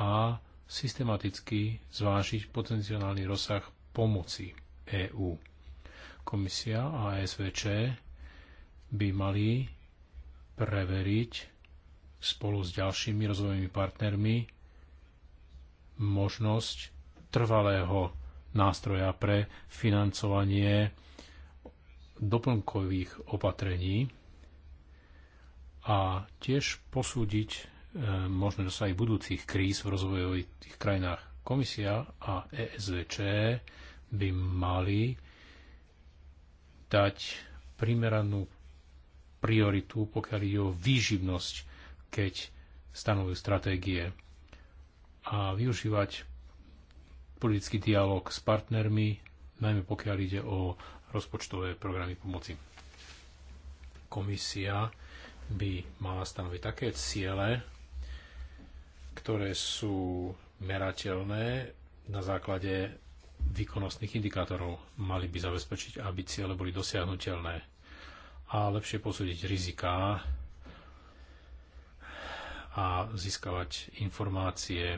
a systematicky zvážiť potenciálny rozsah pomoci EÚ. Komisia a SVČ by mali preveriť spolu s ďalšími rozvojovými partnermi možnosť trvalého nástroja pre financovanie doplnkových opatrení a tiež posúdiť E, možno sa aj budúcich kríz v rozvojových krajinách. Komisia a ESVČ by mali dať primeranú prioritu, pokiaľ ide o výživnosť, keď stanovujú stratégie a využívať politický dialog s partnermi, najmä pokiaľ ide o rozpočtové programy pomoci. Komisia by mala stanoviť také ciele, ktoré sú merateľné na základe výkonnostných indikátorov. Mali by zabezpečiť, aby ciele boli dosiahnutelné a lepšie posúdiť riziká a získavať informácie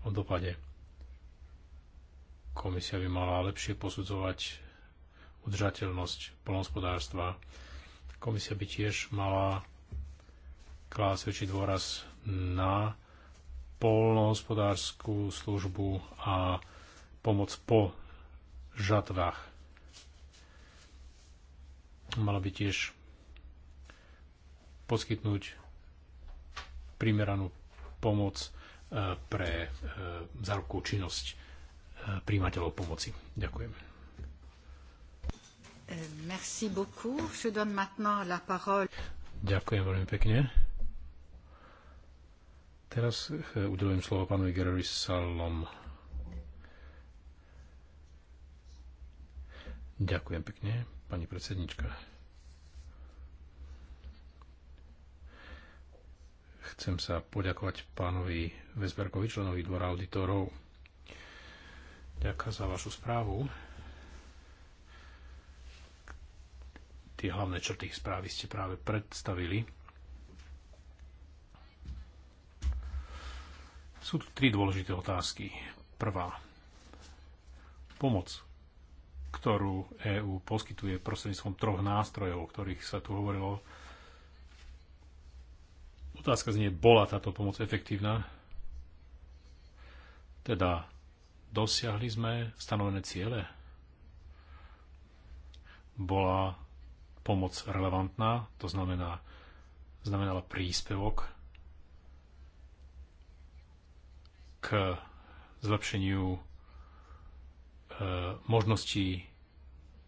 o dopade. Komisia by mala lepšie posudzovať udržateľnosť polnospodárstva. Komisia by tiež mala klásť väčší dôraz na polnohospodárskú službu a pomoc po žatvách. Mala by tiež poskytnúť primeranú pomoc e, pre e, zárobkovú činnosť e, príjimateľov pomoci. Ďakujem. Euh, merci beaucoup. Je donne maintenant la parole. Ďakujem veľmi pekne. Teraz eh, udelujem slovo pánovi Gerovi Salom. Ďakujem pekne, pani predsednička. Chcem sa poďakovať pánovi Vesberkovi, členovi dvora auditorov. Ďakujem za vašu správu. Tie hlavné črty správy ste práve predstavili. Sú tu tri dôležité otázky. Prvá. Pomoc, ktorú EÚ poskytuje prostredníctvom troch nástrojov, o ktorých sa tu hovorilo. Otázka znie, bola táto pomoc efektívna? Teda, dosiahli sme stanovené ciele? Bola pomoc relevantná, to znamená, znamenala príspevok k zlepšeniu e, možností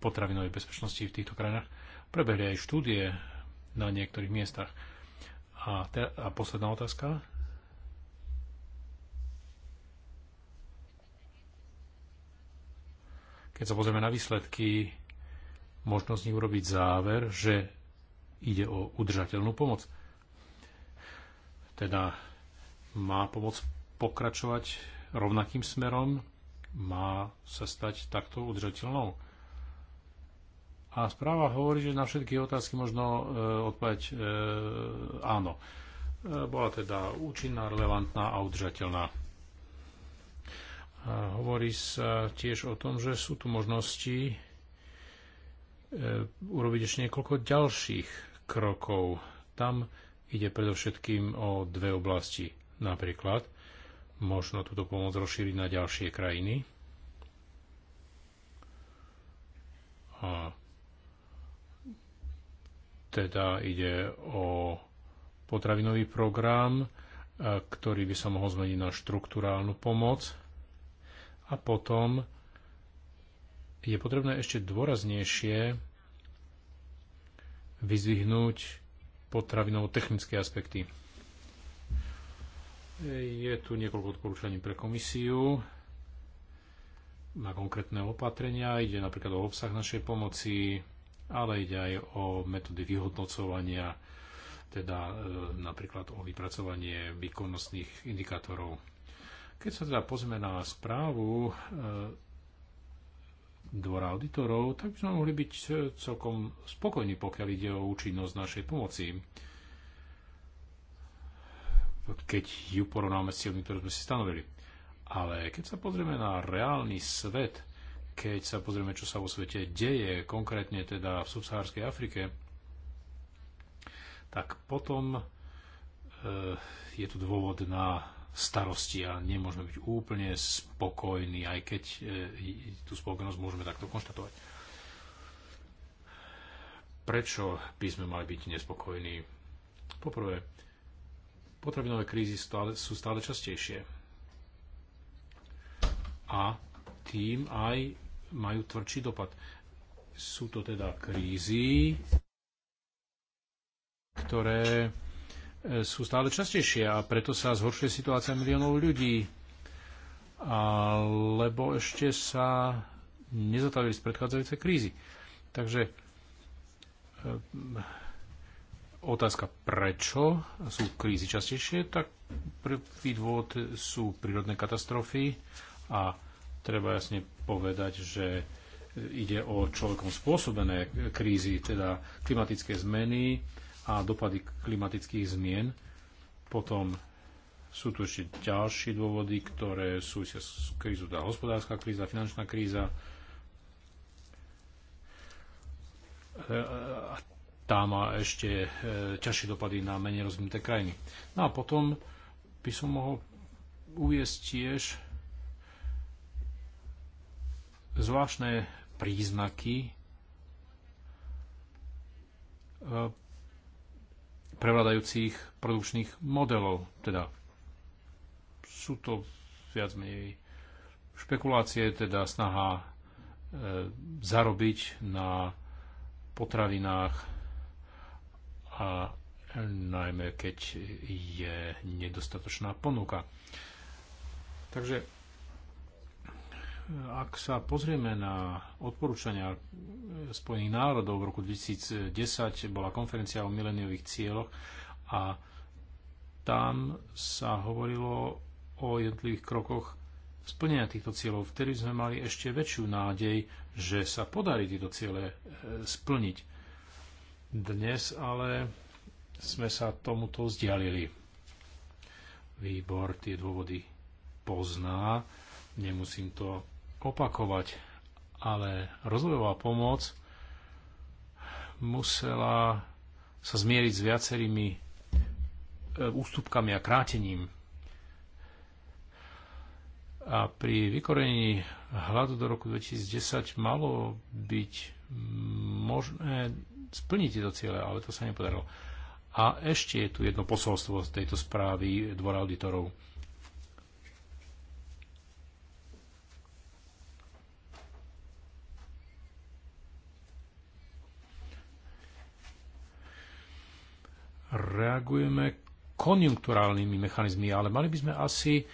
potravinovej bezpečnosti v týchto krajinách. Prebehli aj štúdie na niektorých miestach. A, te, a posledná otázka. Keď sa pozrieme na výsledky, možno z nich urobiť záver, že ide o udržateľnú pomoc. Teda má pomoc pokračovať rovnakým smerom, má sa stať takto udržateľnou. A správa hovorí, že na všetky otázky možno e, odpovedať e, áno. E, bola teda účinná, relevantná a udržateľná. A e, hovorí sa tiež o tom, že sú tu možnosti e, urobiť ešte niekoľko ďalších krokov. Tam ide predovšetkým o dve oblasti. Napríklad možno túto pomoc rozšíriť na ďalšie krajiny. A teda ide o potravinový program, e, ktorý by sa mohol zmeniť na štruktúrálnu pomoc. A potom je potrebné ešte dôraznejšie vyzvihnúť potravinovo technické aspekty. Je tu niekoľko odporúčaní pre komisiu na konkrétne opatrenia. Ide napríklad o obsah našej pomoci, ale ide aj o metódy vyhodnocovania, teda e, napríklad o vypracovanie výkonnostných indikátorov. Keď sa teda pozme na správu e, dvora auditorov, tak by sme mohli byť e, celkom spokojní, pokiaľ ide o účinnosť našej pomoci keď ju porovnáme s cieľmi, ktoré sme si stanovili. Ale keď sa pozrieme na reálny svet, keď sa pozrieme, čo sa vo svete deje, konkrétne teda v subsahárskej Afrike, tak potom e, je tu dôvod na starosti a nemôžeme byť úplne spokojní, aj keď e, tú spokojnosť môžeme takto konštatovať. Prečo by sme mali byť nespokojní? Poprvé, Potravinové krízy stále, sú stále častejšie. A tým aj majú tvrdší dopad. Sú to teda krízy, ktoré e, sú stále častejšie a preto sa zhoršuje situácia miliónov ľudí. Lebo ešte sa nezatavili z predchádzajúcej krízy. Takže e, otázka, prečo sú krízy častejšie, tak prvý dôvod sú prírodné katastrofy a treba jasne povedať, že ide o človekom spôsobené krízy, teda klimatické zmeny a dopady klimatických zmien. Potom sú tu ešte ďalšie dôvody, ktoré súvisia s krízou, tá hospodárska kríza, finančná kríza. E, a tá má ešte e, ťažšie dopady na menej rozvinuté krajiny. No a potom by som mohol uviesť tiež zvláštne príznaky e, prevladajúcich produkčných modelov. Teda sú to viac menej špekulácie, teda snaha e, zarobiť na potravinách a najmä keď je nedostatočná ponuka. Takže ak sa pozrieme na odporúčania Spojených národov v roku 2010, bola konferencia o mileniových cieľoch a tam sa hovorilo o jednotlivých krokoch splnenia týchto cieľov. Vtedy sme mali ešte väčšiu nádej, že sa podarí tieto ciele e, splniť. Dnes ale sme sa tomuto vzdialili. Výbor tie dôvody pozná, nemusím to opakovať, ale rozvojová pomoc musela sa zmieriť s viacerými e, ústupkami a krátením. A pri vykorení hladu do roku 2010 malo byť možné splniť tieto ciele, ale to sa nepodarilo. A ešte je tu jedno posolstvo z tejto správy Dvora auditorov. reagujeme konjunkturálnymi mechanizmi, ale mali by sme asi e,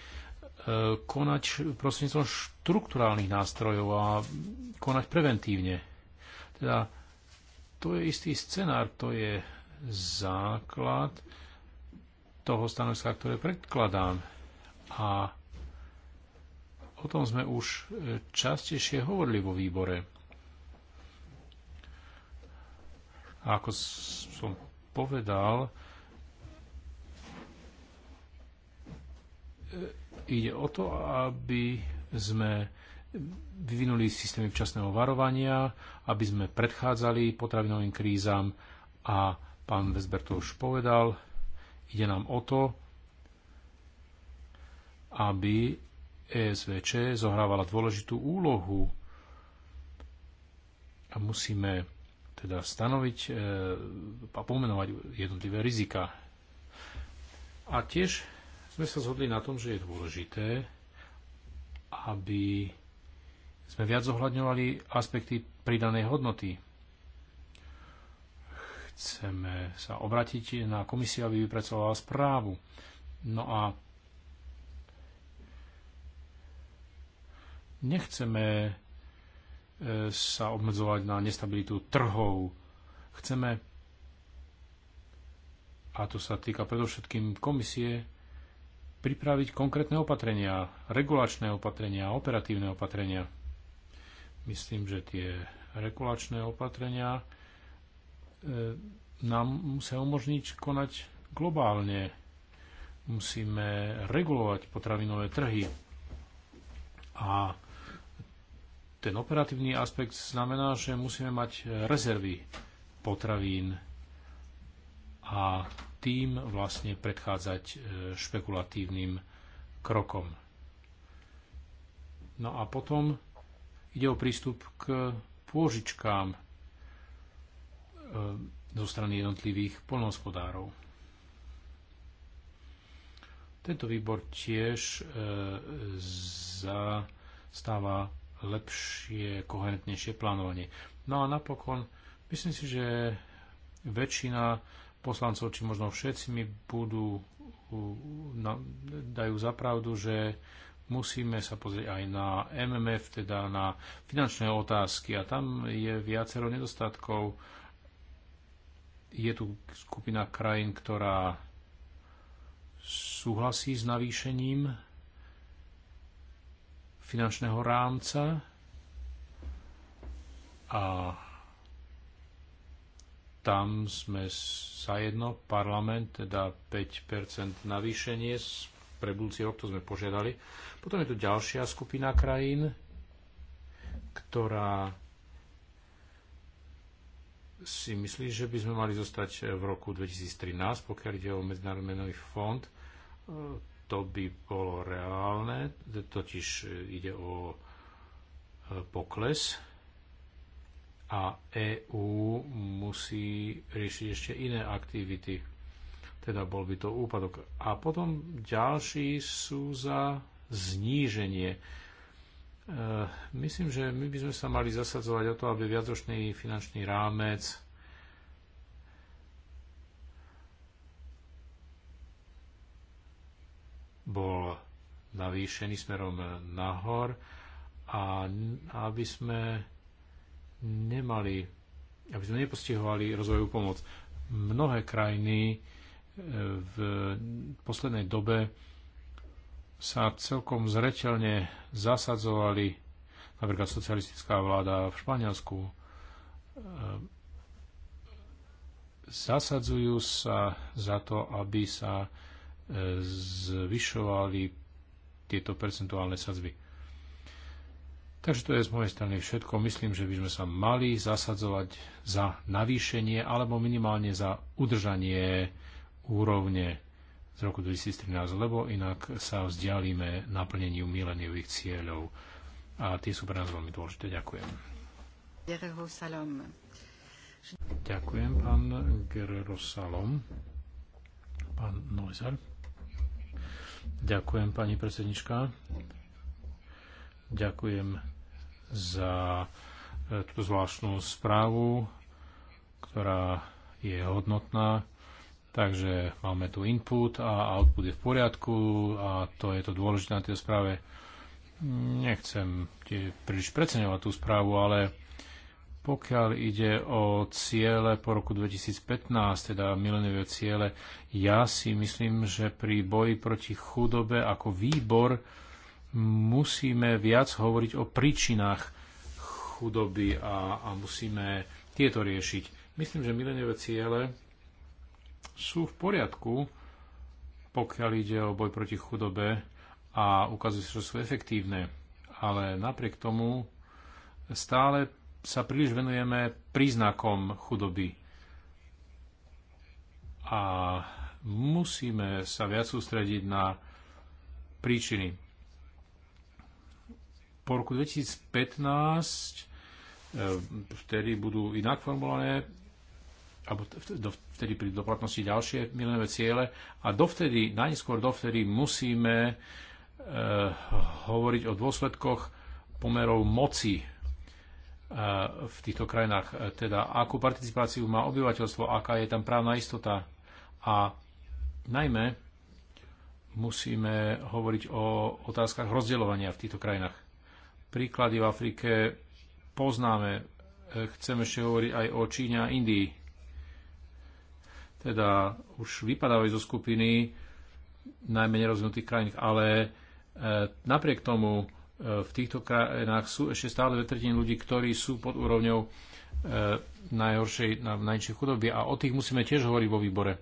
konať prostredníctvom štruktúrálnych nástrojov a konať preventívne. Teda to je istý scenár, to je základ toho stanoviska, ktoré predkladám. A o tom sme už častejšie hovorili vo výbore. A ako som povedal, e, ide o to, aby sme vyvinuli systémy včasného varovania, aby sme predchádzali potravinovým krízam a pán Vesber to už povedal, ide nám o to, aby ESVČ zohrávala dôležitú úlohu a musíme teda stanoviť e, a pomenovať jednotlivé rizika. A tiež sme sa zhodli na tom, že je dôležité, aby sme viac zohľadňovali aspekty pridanej hodnoty. Chceme sa obratiť na komisiu, aby vypracovala správu. No a nechceme e, sa obmedzovať na nestabilitu trhov. Chceme, a to sa týka predovšetkým komisie, pripraviť konkrétne opatrenia, regulačné opatrenia, operatívne opatrenia. Myslím, že tie regulačné opatrenia e, nám musia umožniť konať globálne. Musíme regulovať potravinové trhy. A ten operatívny aspekt znamená, že musíme mať rezervy potravín a tým vlastne predchádzať e, špekulatívnym krokom. No a potom Ide o prístup k pôžičkám e, zo strany jednotlivých polnohospodárov. Tento výbor tiež e, zastáva lepšie, koherentnejšie plánovanie. No a napokon, myslím si, že väčšina poslancov, či možno všetci mi budú, dajú zapravdu, že musíme sa pozrieť aj na MMF, teda na finančné otázky a tam je viacero nedostatkov. Je tu skupina krajín, ktorá súhlasí s navýšením finančného rámca a tam sme sa jedno parlament, teda 5% navýšenie pre budúci rok, to sme požiadali. Potom je tu ďalšia skupina krajín, ktorá si myslí, že by sme mali zostať v roku 2013, pokiaľ ide o Medzinárodný menový fond. E, to by bolo reálne, totiž e, ide o e, pokles a EÚ musí riešiť ešte iné aktivity teda bol by to úpadok. A potom ďalší sú za zníženie. E, myslím, že my by sme sa mali zasadzovať o to, aby viacročný finančný rámec bol navýšený smerom nahor a aby sme nemali, aby sme nepostihovali rozvojovú pomoc. Mnohé krajiny v poslednej dobe sa celkom zreteľne zasadzovali napríklad socialistická vláda v Španielsku. Zasadzujú sa za to, aby sa e, zvyšovali tieto percentuálne sadzby. Takže to je z mojej strany všetko. Myslím, že by sme sa mali zasadzovať za navýšenie alebo minimálne za udržanie úrovne z roku 2013, lebo inak sa vzdialíme naplneniu mileniových cieľov a tie sú pre nás veľmi dôležité. Ďakujem. Ďakujem, pán Guerrero Salom. Pán Noizer. Ďakujem, pani predsednička. Ďakujem za e, túto zvláštnu správu, ktorá je hodnotná Takže máme tu input a output je v poriadku a to je to dôležité na tej správe. Nechcem tie príliš preceňovať tú správu, ale pokiaľ ide o ciele po roku 2015, teda milenové ciele, ja si myslím, že pri boji proti chudobe ako výbor musíme viac hovoriť o príčinách chudoby a, a musíme tieto riešiť. Myslím, že milenové ciele sú v poriadku, pokiaľ ide o boj proti chudobe a ukazuje sa, že sú efektívne. Ale napriek tomu stále sa príliš venujeme príznakom chudoby. A musíme sa viac sústrediť na príčiny. Po roku 2015 eh, vtedy budú inak formulované alebo vtedy pri doplatnosti ďalšie milové ciele a dovtedy, najskôr dovtedy musíme e, hovoriť o dôsledkoch pomerov moci e, v týchto krajinách, eh, teda akú participáciu má obyvateľstvo, aká je tam právna istota a najmä musíme hovoriť o otázkach rozdeľovania v týchto krajinách. Príklady v Afrike poznáme, chcem ešte hovoriť aj o Číne a Indii teda už vypadávajú zo skupiny najmenej rozvinutých krajín, ale e, napriek tomu e, v týchto krajinách sú ešte stále dve tretiny ľudí, ktorí sú pod úrovňou e, najhoršej, najnižšej chudoby a o tých musíme tiež hovoriť vo výbore.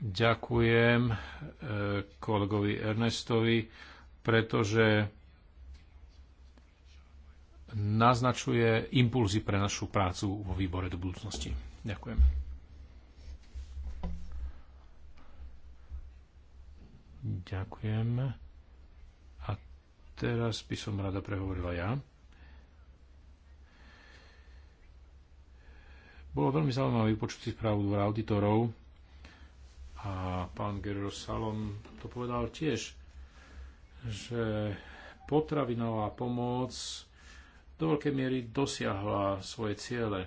Ďakujem kolegovi Ernestovi, pretože naznačuje impulzy pre našu prácu vo výbore do budúcnosti. Ďakujem. Ďakujem. A teraz by som rada prehovorila ja. Bolo veľmi zaujímavé vypočuť si správu dvora auditorov a pán Gerro Salom to povedal tiež, že potravinová pomoc do veľkej miery dosiahla svoje ciele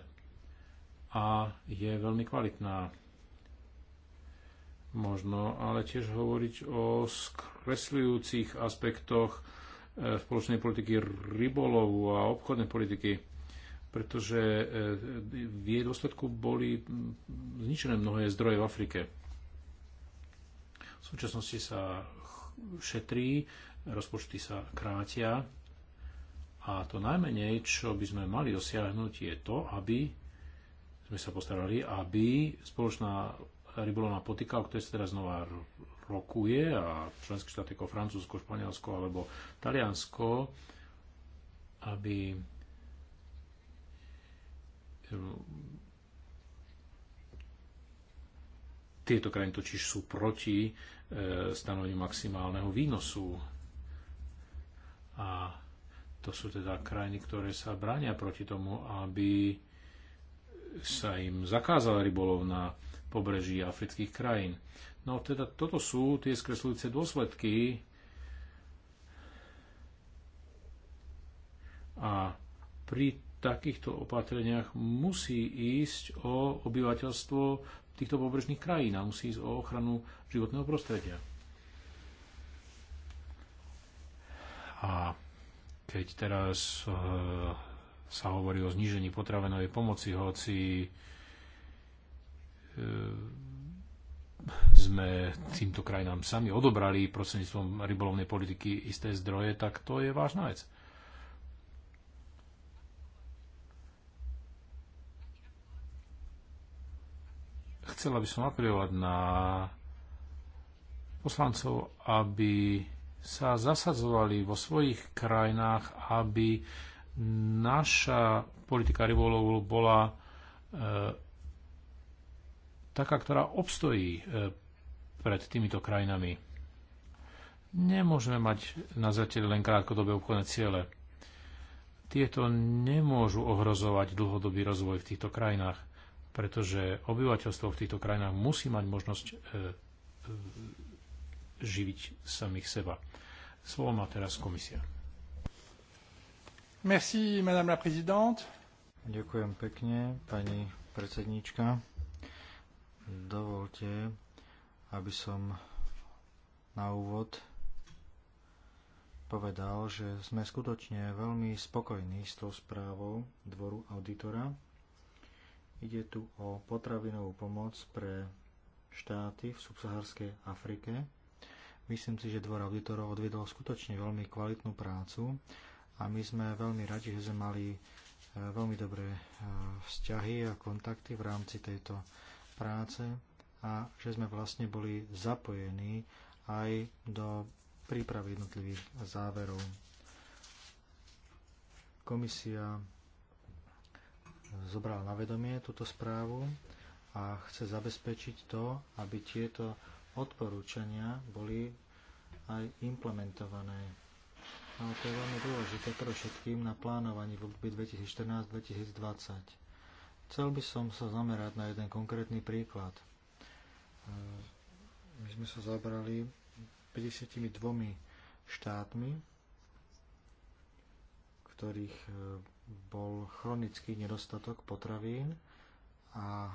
a je veľmi kvalitná možno, ale tiež hovoriť o skresľujúcich aspektoch e, spoločnej politiky rybolovu a obchodnej politiky, pretože e, v jej dôsledku boli zničené mnohé zdroje v Afrike. V súčasnosti sa šetrí, rozpočty sa krátia a to najmenej, čo by sme mali dosiahnuť, je to, aby sme sa postarali, aby spoločná rybolovná potýka, o ktorej sa teraz znova rokuje a členské štáty ako Francúzsko, Španielsko alebo Taliansko, aby ehm, tieto krajiny totiž sú proti e, stanoveniu maximálneho výnosu. A to sú teda krajiny, ktoré sa bránia proti tomu, aby sa im zakázala rybolovná pobreží afrických krajín. No teda toto sú tie skresľujúce dôsledky a pri takýchto opatreniach musí ísť o obyvateľstvo týchto pobrežných krajín a musí ísť o ochranu životného prostredia. A keď teraz e, sa hovorí o znížení potravenovej pomoci, hoci E, sme týmto krajinám sami odobrali prostredníctvom rybolovnej politiky isté zdroje, tak to je vážna vec. Chcela by som apelovať na poslancov, aby sa zasadzovali vo svojich krajinách, aby naša politika rybolovu bola e, taká, ktorá obstojí e, pred týmito krajinami. Nemôžeme mať na zreteli len krátkodobé obchodné ciele. Tieto nemôžu ohrozovať dlhodobý rozvoj v týchto krajinách, pretože obyvateľstvo v týchto krajinách musí mať možnosť e, e, živiť samých seba. Slovo má teraz komisia. Merci, madame la présidente. Ďakujem pekne, pani predsedníčka. Dovolte, aby som na úvod povedal, že sme skutočne veľmi spokojní s tou správou dvoru auditora. Ide tu o potravinovú pomoc pre štáty v subsaharskej Afrike. Myslím si, že dvor auditorov odvedol skutočne veľmi kvalitnú prácu a my sme veľmi radi, že sme mali eh, veľmi dobré eh, vzťahy a kontakty v rámci tejto práce a že sme vlastne boli zapojení aj do prípravy jednotlivých záverov. Komisia zobrala na vedomie túto správu a chce zabezpečiť to, aby tieto odporúčania boli aj implementované. A to je veľmi dôležité pre všetkým na plánovaní v období 2014-2020 Chcel by som sa zamerať na jeden konkrétny príklad. My sme sa zabrali 52 štátmi, ktorých e, bol chronický nedostatok potravín a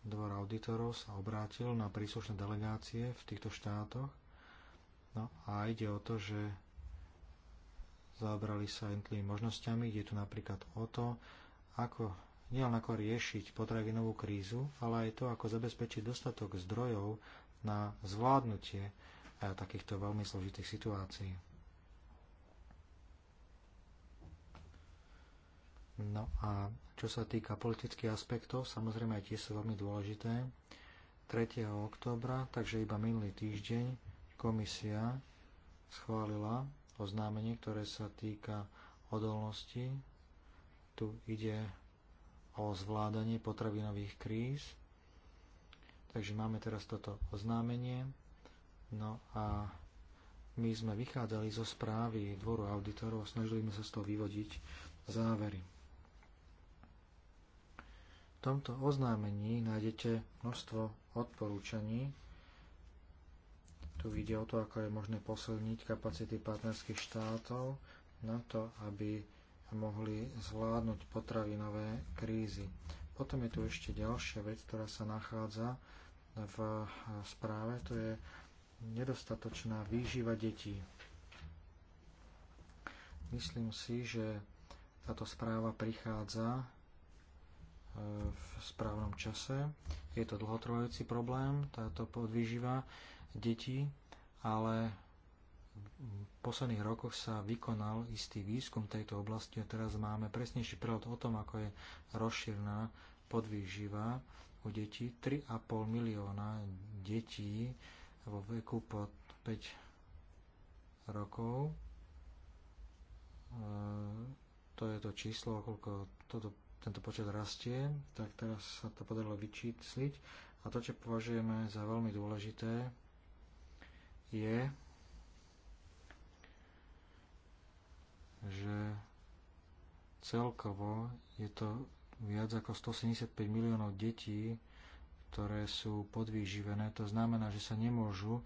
dvor auditorov sa obrátil na príslušné delegácie v týchto štátoch. No a ide o to, že zaobrali sa jednotlivými možnosťami. Ide tu napríklad o to, ako nielen ako riešiť potravinovú krízu, ale aj to, ako zabezpečiť dostatok zdrojov na zvládnutie e, takýchto veľmi zložitých situácií. No a čo sa týka politických aspektov, samozrejme aj tie sú veľmi dôležité. 3. oktobra, takže iba minulý týždeň, komisia schválila oznámenie, ktoré sa týka odolnosti tu ide o zvládanie potravinových kríz. Takže máme teraz toto oznámenie. No a my sme vychádzali zo správy dvoru auditorov, a snažili sme sa z toho vyvodiť závery. V tomto oznámení nájdete množstvo odporúčaní. Tu ide o to, ako je možné posilniť kapacity partnerských štátov na to, aby mohli zvládnuť potravinové krízy. Potom je tu ešte ďalšia vec, ktorá sa nachádza v správe, to je nedostatočná výživa detí. Myslím si, že táto správa prichádza e, v správnom čase. Je to dlhotrvajúci problém, táto podvýživa detí, ale posledných rokoch sa vykonal istý výskum tejto oblasti a teraz máme presnejší prehľad o tom, ako je rozšírená podvýživa u detí. 3,5 milióna detí vo veku pod 5 rokov. E, to je to číslo, koľko toto, tento počet rastie, tak teraz sa to podarilo vyčísliť. A to, čo považujeme za veľmi dôležité, je, že celkovo je to viac ako 175 miliónov detí, ktoré sú podvýživené. To znamená, že sa nemôžu e,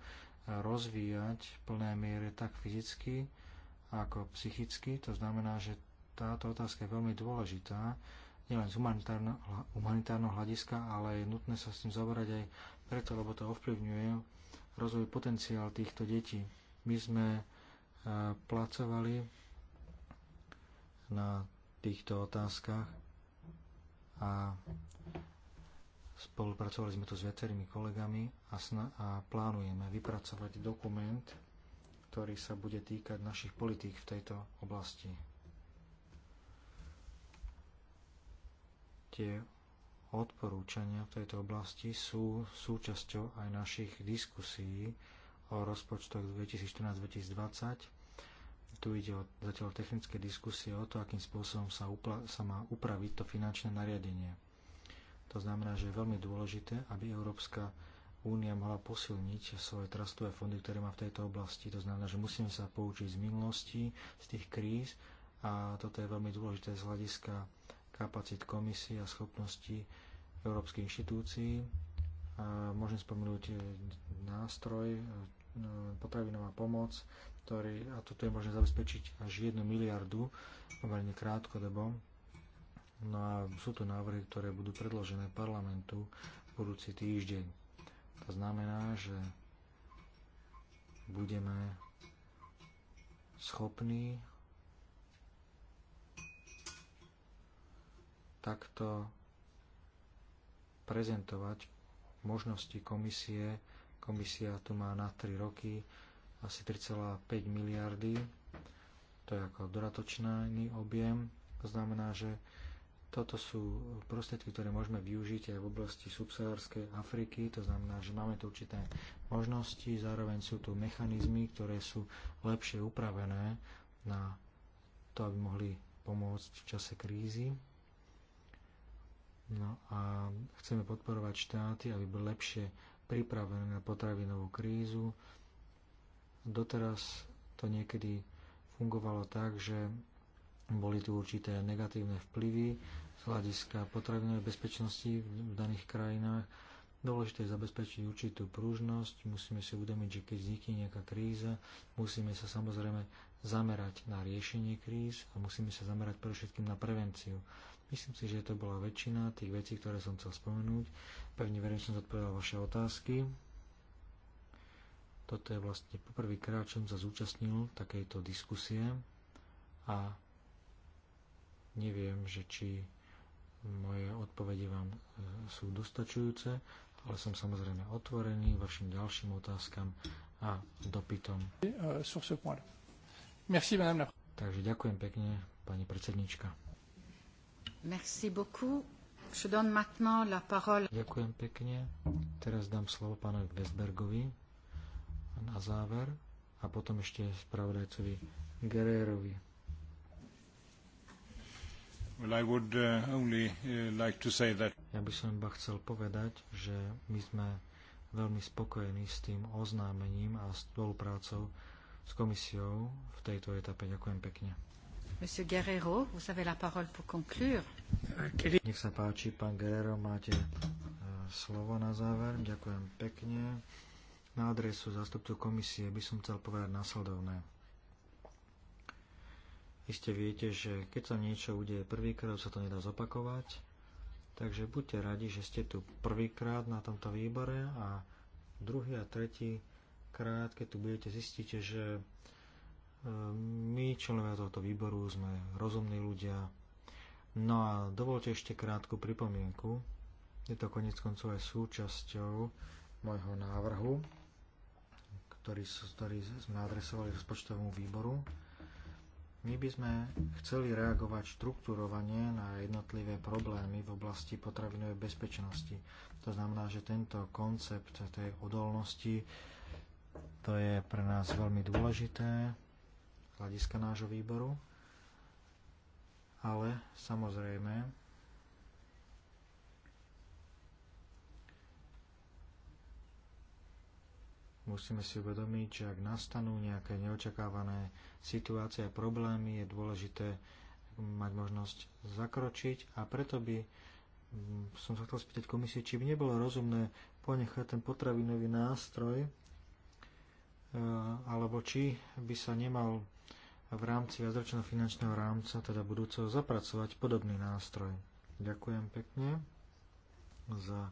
rozvíjať v plnej miere tak fyzicky ako psychicky. To znamená, že táto otázka je veľmi dôležitá, nielen z humanitárneho, hľadiska, ale je nutné sa s tým zaoberať aj preto, lebo to ovplyvňuje rozvoj potenciál týchto detí. My sme e, placovali na týchto otázkach a spolupracovali sme tu s viacerými kolegami a, a plánujeme vypracovať dokument, ktorý sa bude týkať našich politík v tejto oblasti. Tie odporúčania v tejto oblasti sú súčasťou aj našich diskusí o rozpočtoch 2014-2020 tu ide o, zatiaľ o technické diskusie o to, akým spôsobom sa, upla, sa má upraviť to finančné nariadenie. To znamená, že je veľmi dôležité, aby Európska únia mohla posilniť svoje trastové fondy, ktoré má v tejto oblasti. To znamená, že musíme sa poučiť z minulosti, z tých kríz a toto je veľmi dôležité z hľadiska kapacít komisie a schopností európskych inštitúcií. Môžem spomenúť e, nástroj, e, potravinová pomoc, ktorý, a toto je možné zabezpečiť až 1 miliardu pomerne krátkodobo. No a sú to návrhy, ktoré budú predložené parlamentu budúci týždeň. To znamená, že budeme schopní takto prezentovať možnosti komisie. Komisia tu má na 3 roky asi 3,5 miliardy. To je ako dodatočný objem. To znamená, že toto sú prostriedky, ktoré môžeme využiť aj v oblasti subsahárskej Afriky, to znamená, že máme tu určité možnosti, zároveň sú tu mechanizmy, ktoré sú lepšie upravené na to, aby mohli pomôcť v čase krízy. No a chceme podporovať štáty, aby boli lepšie pripravené na potravinovú krízu, Doteraz to niekedy fungovalo tak, že boli tu určité negatívne vplyvy z hľadiska potravinovej bezpečnosti v daných krajinách. Dôležité je zabezpečiť určitú pružnosť, musíme si uvedomiť, že keď vznikne nejaká kríza, musíme sa samozrejme zamerať na riešenie kríz a musíme sa zamerať pre všetkým na prevenciu. Myslím si, že to bola väčšina tých vecí, ktoré som chcel spomenúť. Pevne verím, som zodpovedal vaše otázky. Toto je vlastne poprvýkrát, čo som sa zúčastnil takejto diskusie a neviem, že či moje odpovede vám e, sú dostačujúce, ale som samozrejme otvorený vašim ďalším otázkam a dopytom. Merci, madame. Takže ďakujem pekne, pani predsednička. Merci beaucoup. Je donne maintenant la parole. Ďakujem pekne. Teraz dám slovo pánovi Vesbergovi na záver a potom ešte spravodajcovi Guerrerovi. Well, I would, uh, only, uh, like to say that... Ja by som iba chcel povedať, že my sme veľmi spokojení s tým oznámením a spoluprácou s komisiou v tejto etape. Ďakujem pekne. Monsieur Guerrero, vous avez la parole pour conclure. Nech sa páči, pán Guerrero, máte uh, slovo na záver. Ďakujem pekne. Na adresu zástupcu komisie by som chcel povedať následovné. Iste viete, že keď sa niečo udeje prvýkrát, sa to nedá zopakovať. Takže buďte radi, že ste tu prvýkrát na tomto výbore a druhý a tretí krát, keď tu budete, zistíte, že e, my, členovia tohto výboru, sme rozumní ľudia. No a dovolte ešte krátku pripomienku. Je to konec koncov aj súčasťou môjho návrhu ktorý, ktorý sme adresovali rozpočtovému výboru. My by sme chceli reagovať štruktúrovanie na jednotlivé problémy v oblasti potravinovej bezpečnosti. To znamená, že tento koncept tej odolnosti to je pre nás veľmi dôležité z hľadiska nášho výboru, ale samozrejme musíme si uvedomiť, že ak nastanú nejaké neočakávané situácie a problémy, je dôležité mať možnosť zakročiť a preto by mm, som sa chcel spýtať komisie, či by nebolo rozumné ponechať ten potravinový nástroj, e, alebo či by sa nemal v rámci viacročného finančného rámca, teda budúceho, zapracovať podobný nástroj. Ďakujem pekne za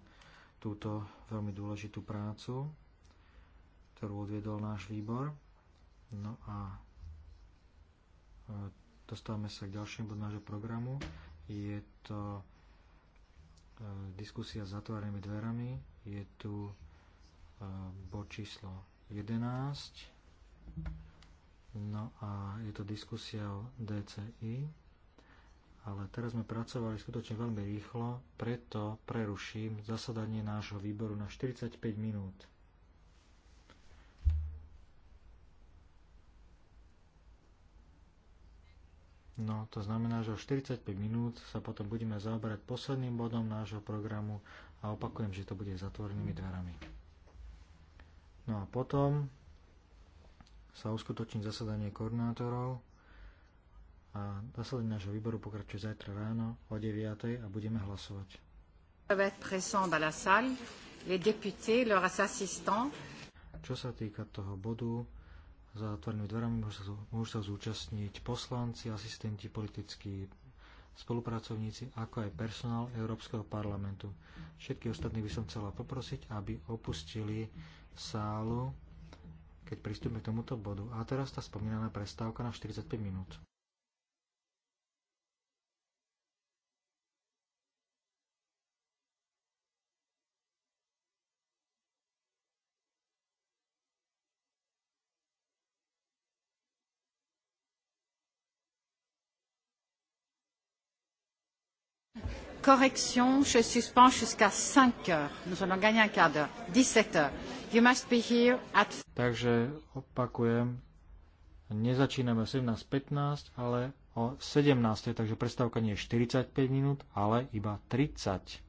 túto veľmi dôležitú prácu ktorú odviedol náš výbor. No a e, dostávame sa k ďalšiemu bodu nášho programu. Je to e, diskusia s zatvorenými dverami. Je tu e, bod číslo 11. No a je to diskusia o DCI. Ale teraz sme pracovali skutočne veľmi rýchlo, preto preruším zasadanie nášho výboru na 45 minút. No to znamená, že o 45 minút sa potom budeme zaoberať posledným bodom nášho programu a opakujem, že to bude zatvorenými dverami. No a potom sa uskutoční zasadanie koordinátorov a zasadanie nášho výboru pokračuje zajtra ráno o 9.00 a budeme hlasovať. Čo sa týka toho bodu, za otvorenými dverami, môžu sa, môžu sa zúčastniť poslanci, asistenti, politickí spolupracovníci, ako aj personál Európskeho parlamentu. Všetky ostatní by som chcela poprosiť, aby opustili sálu, keď pristúpime k tomuto bodu. A teraz tá spomínaná prestávka na 45 minút. correction, je suspends jusqu'à 5 heures. Nous allons gagner un quart d'heure. 17 heures. You must be here at... Takže opakujem, nezačíname o 17.15, ale o 17. Takže prestávka nie je 45 minút, ale iba 30.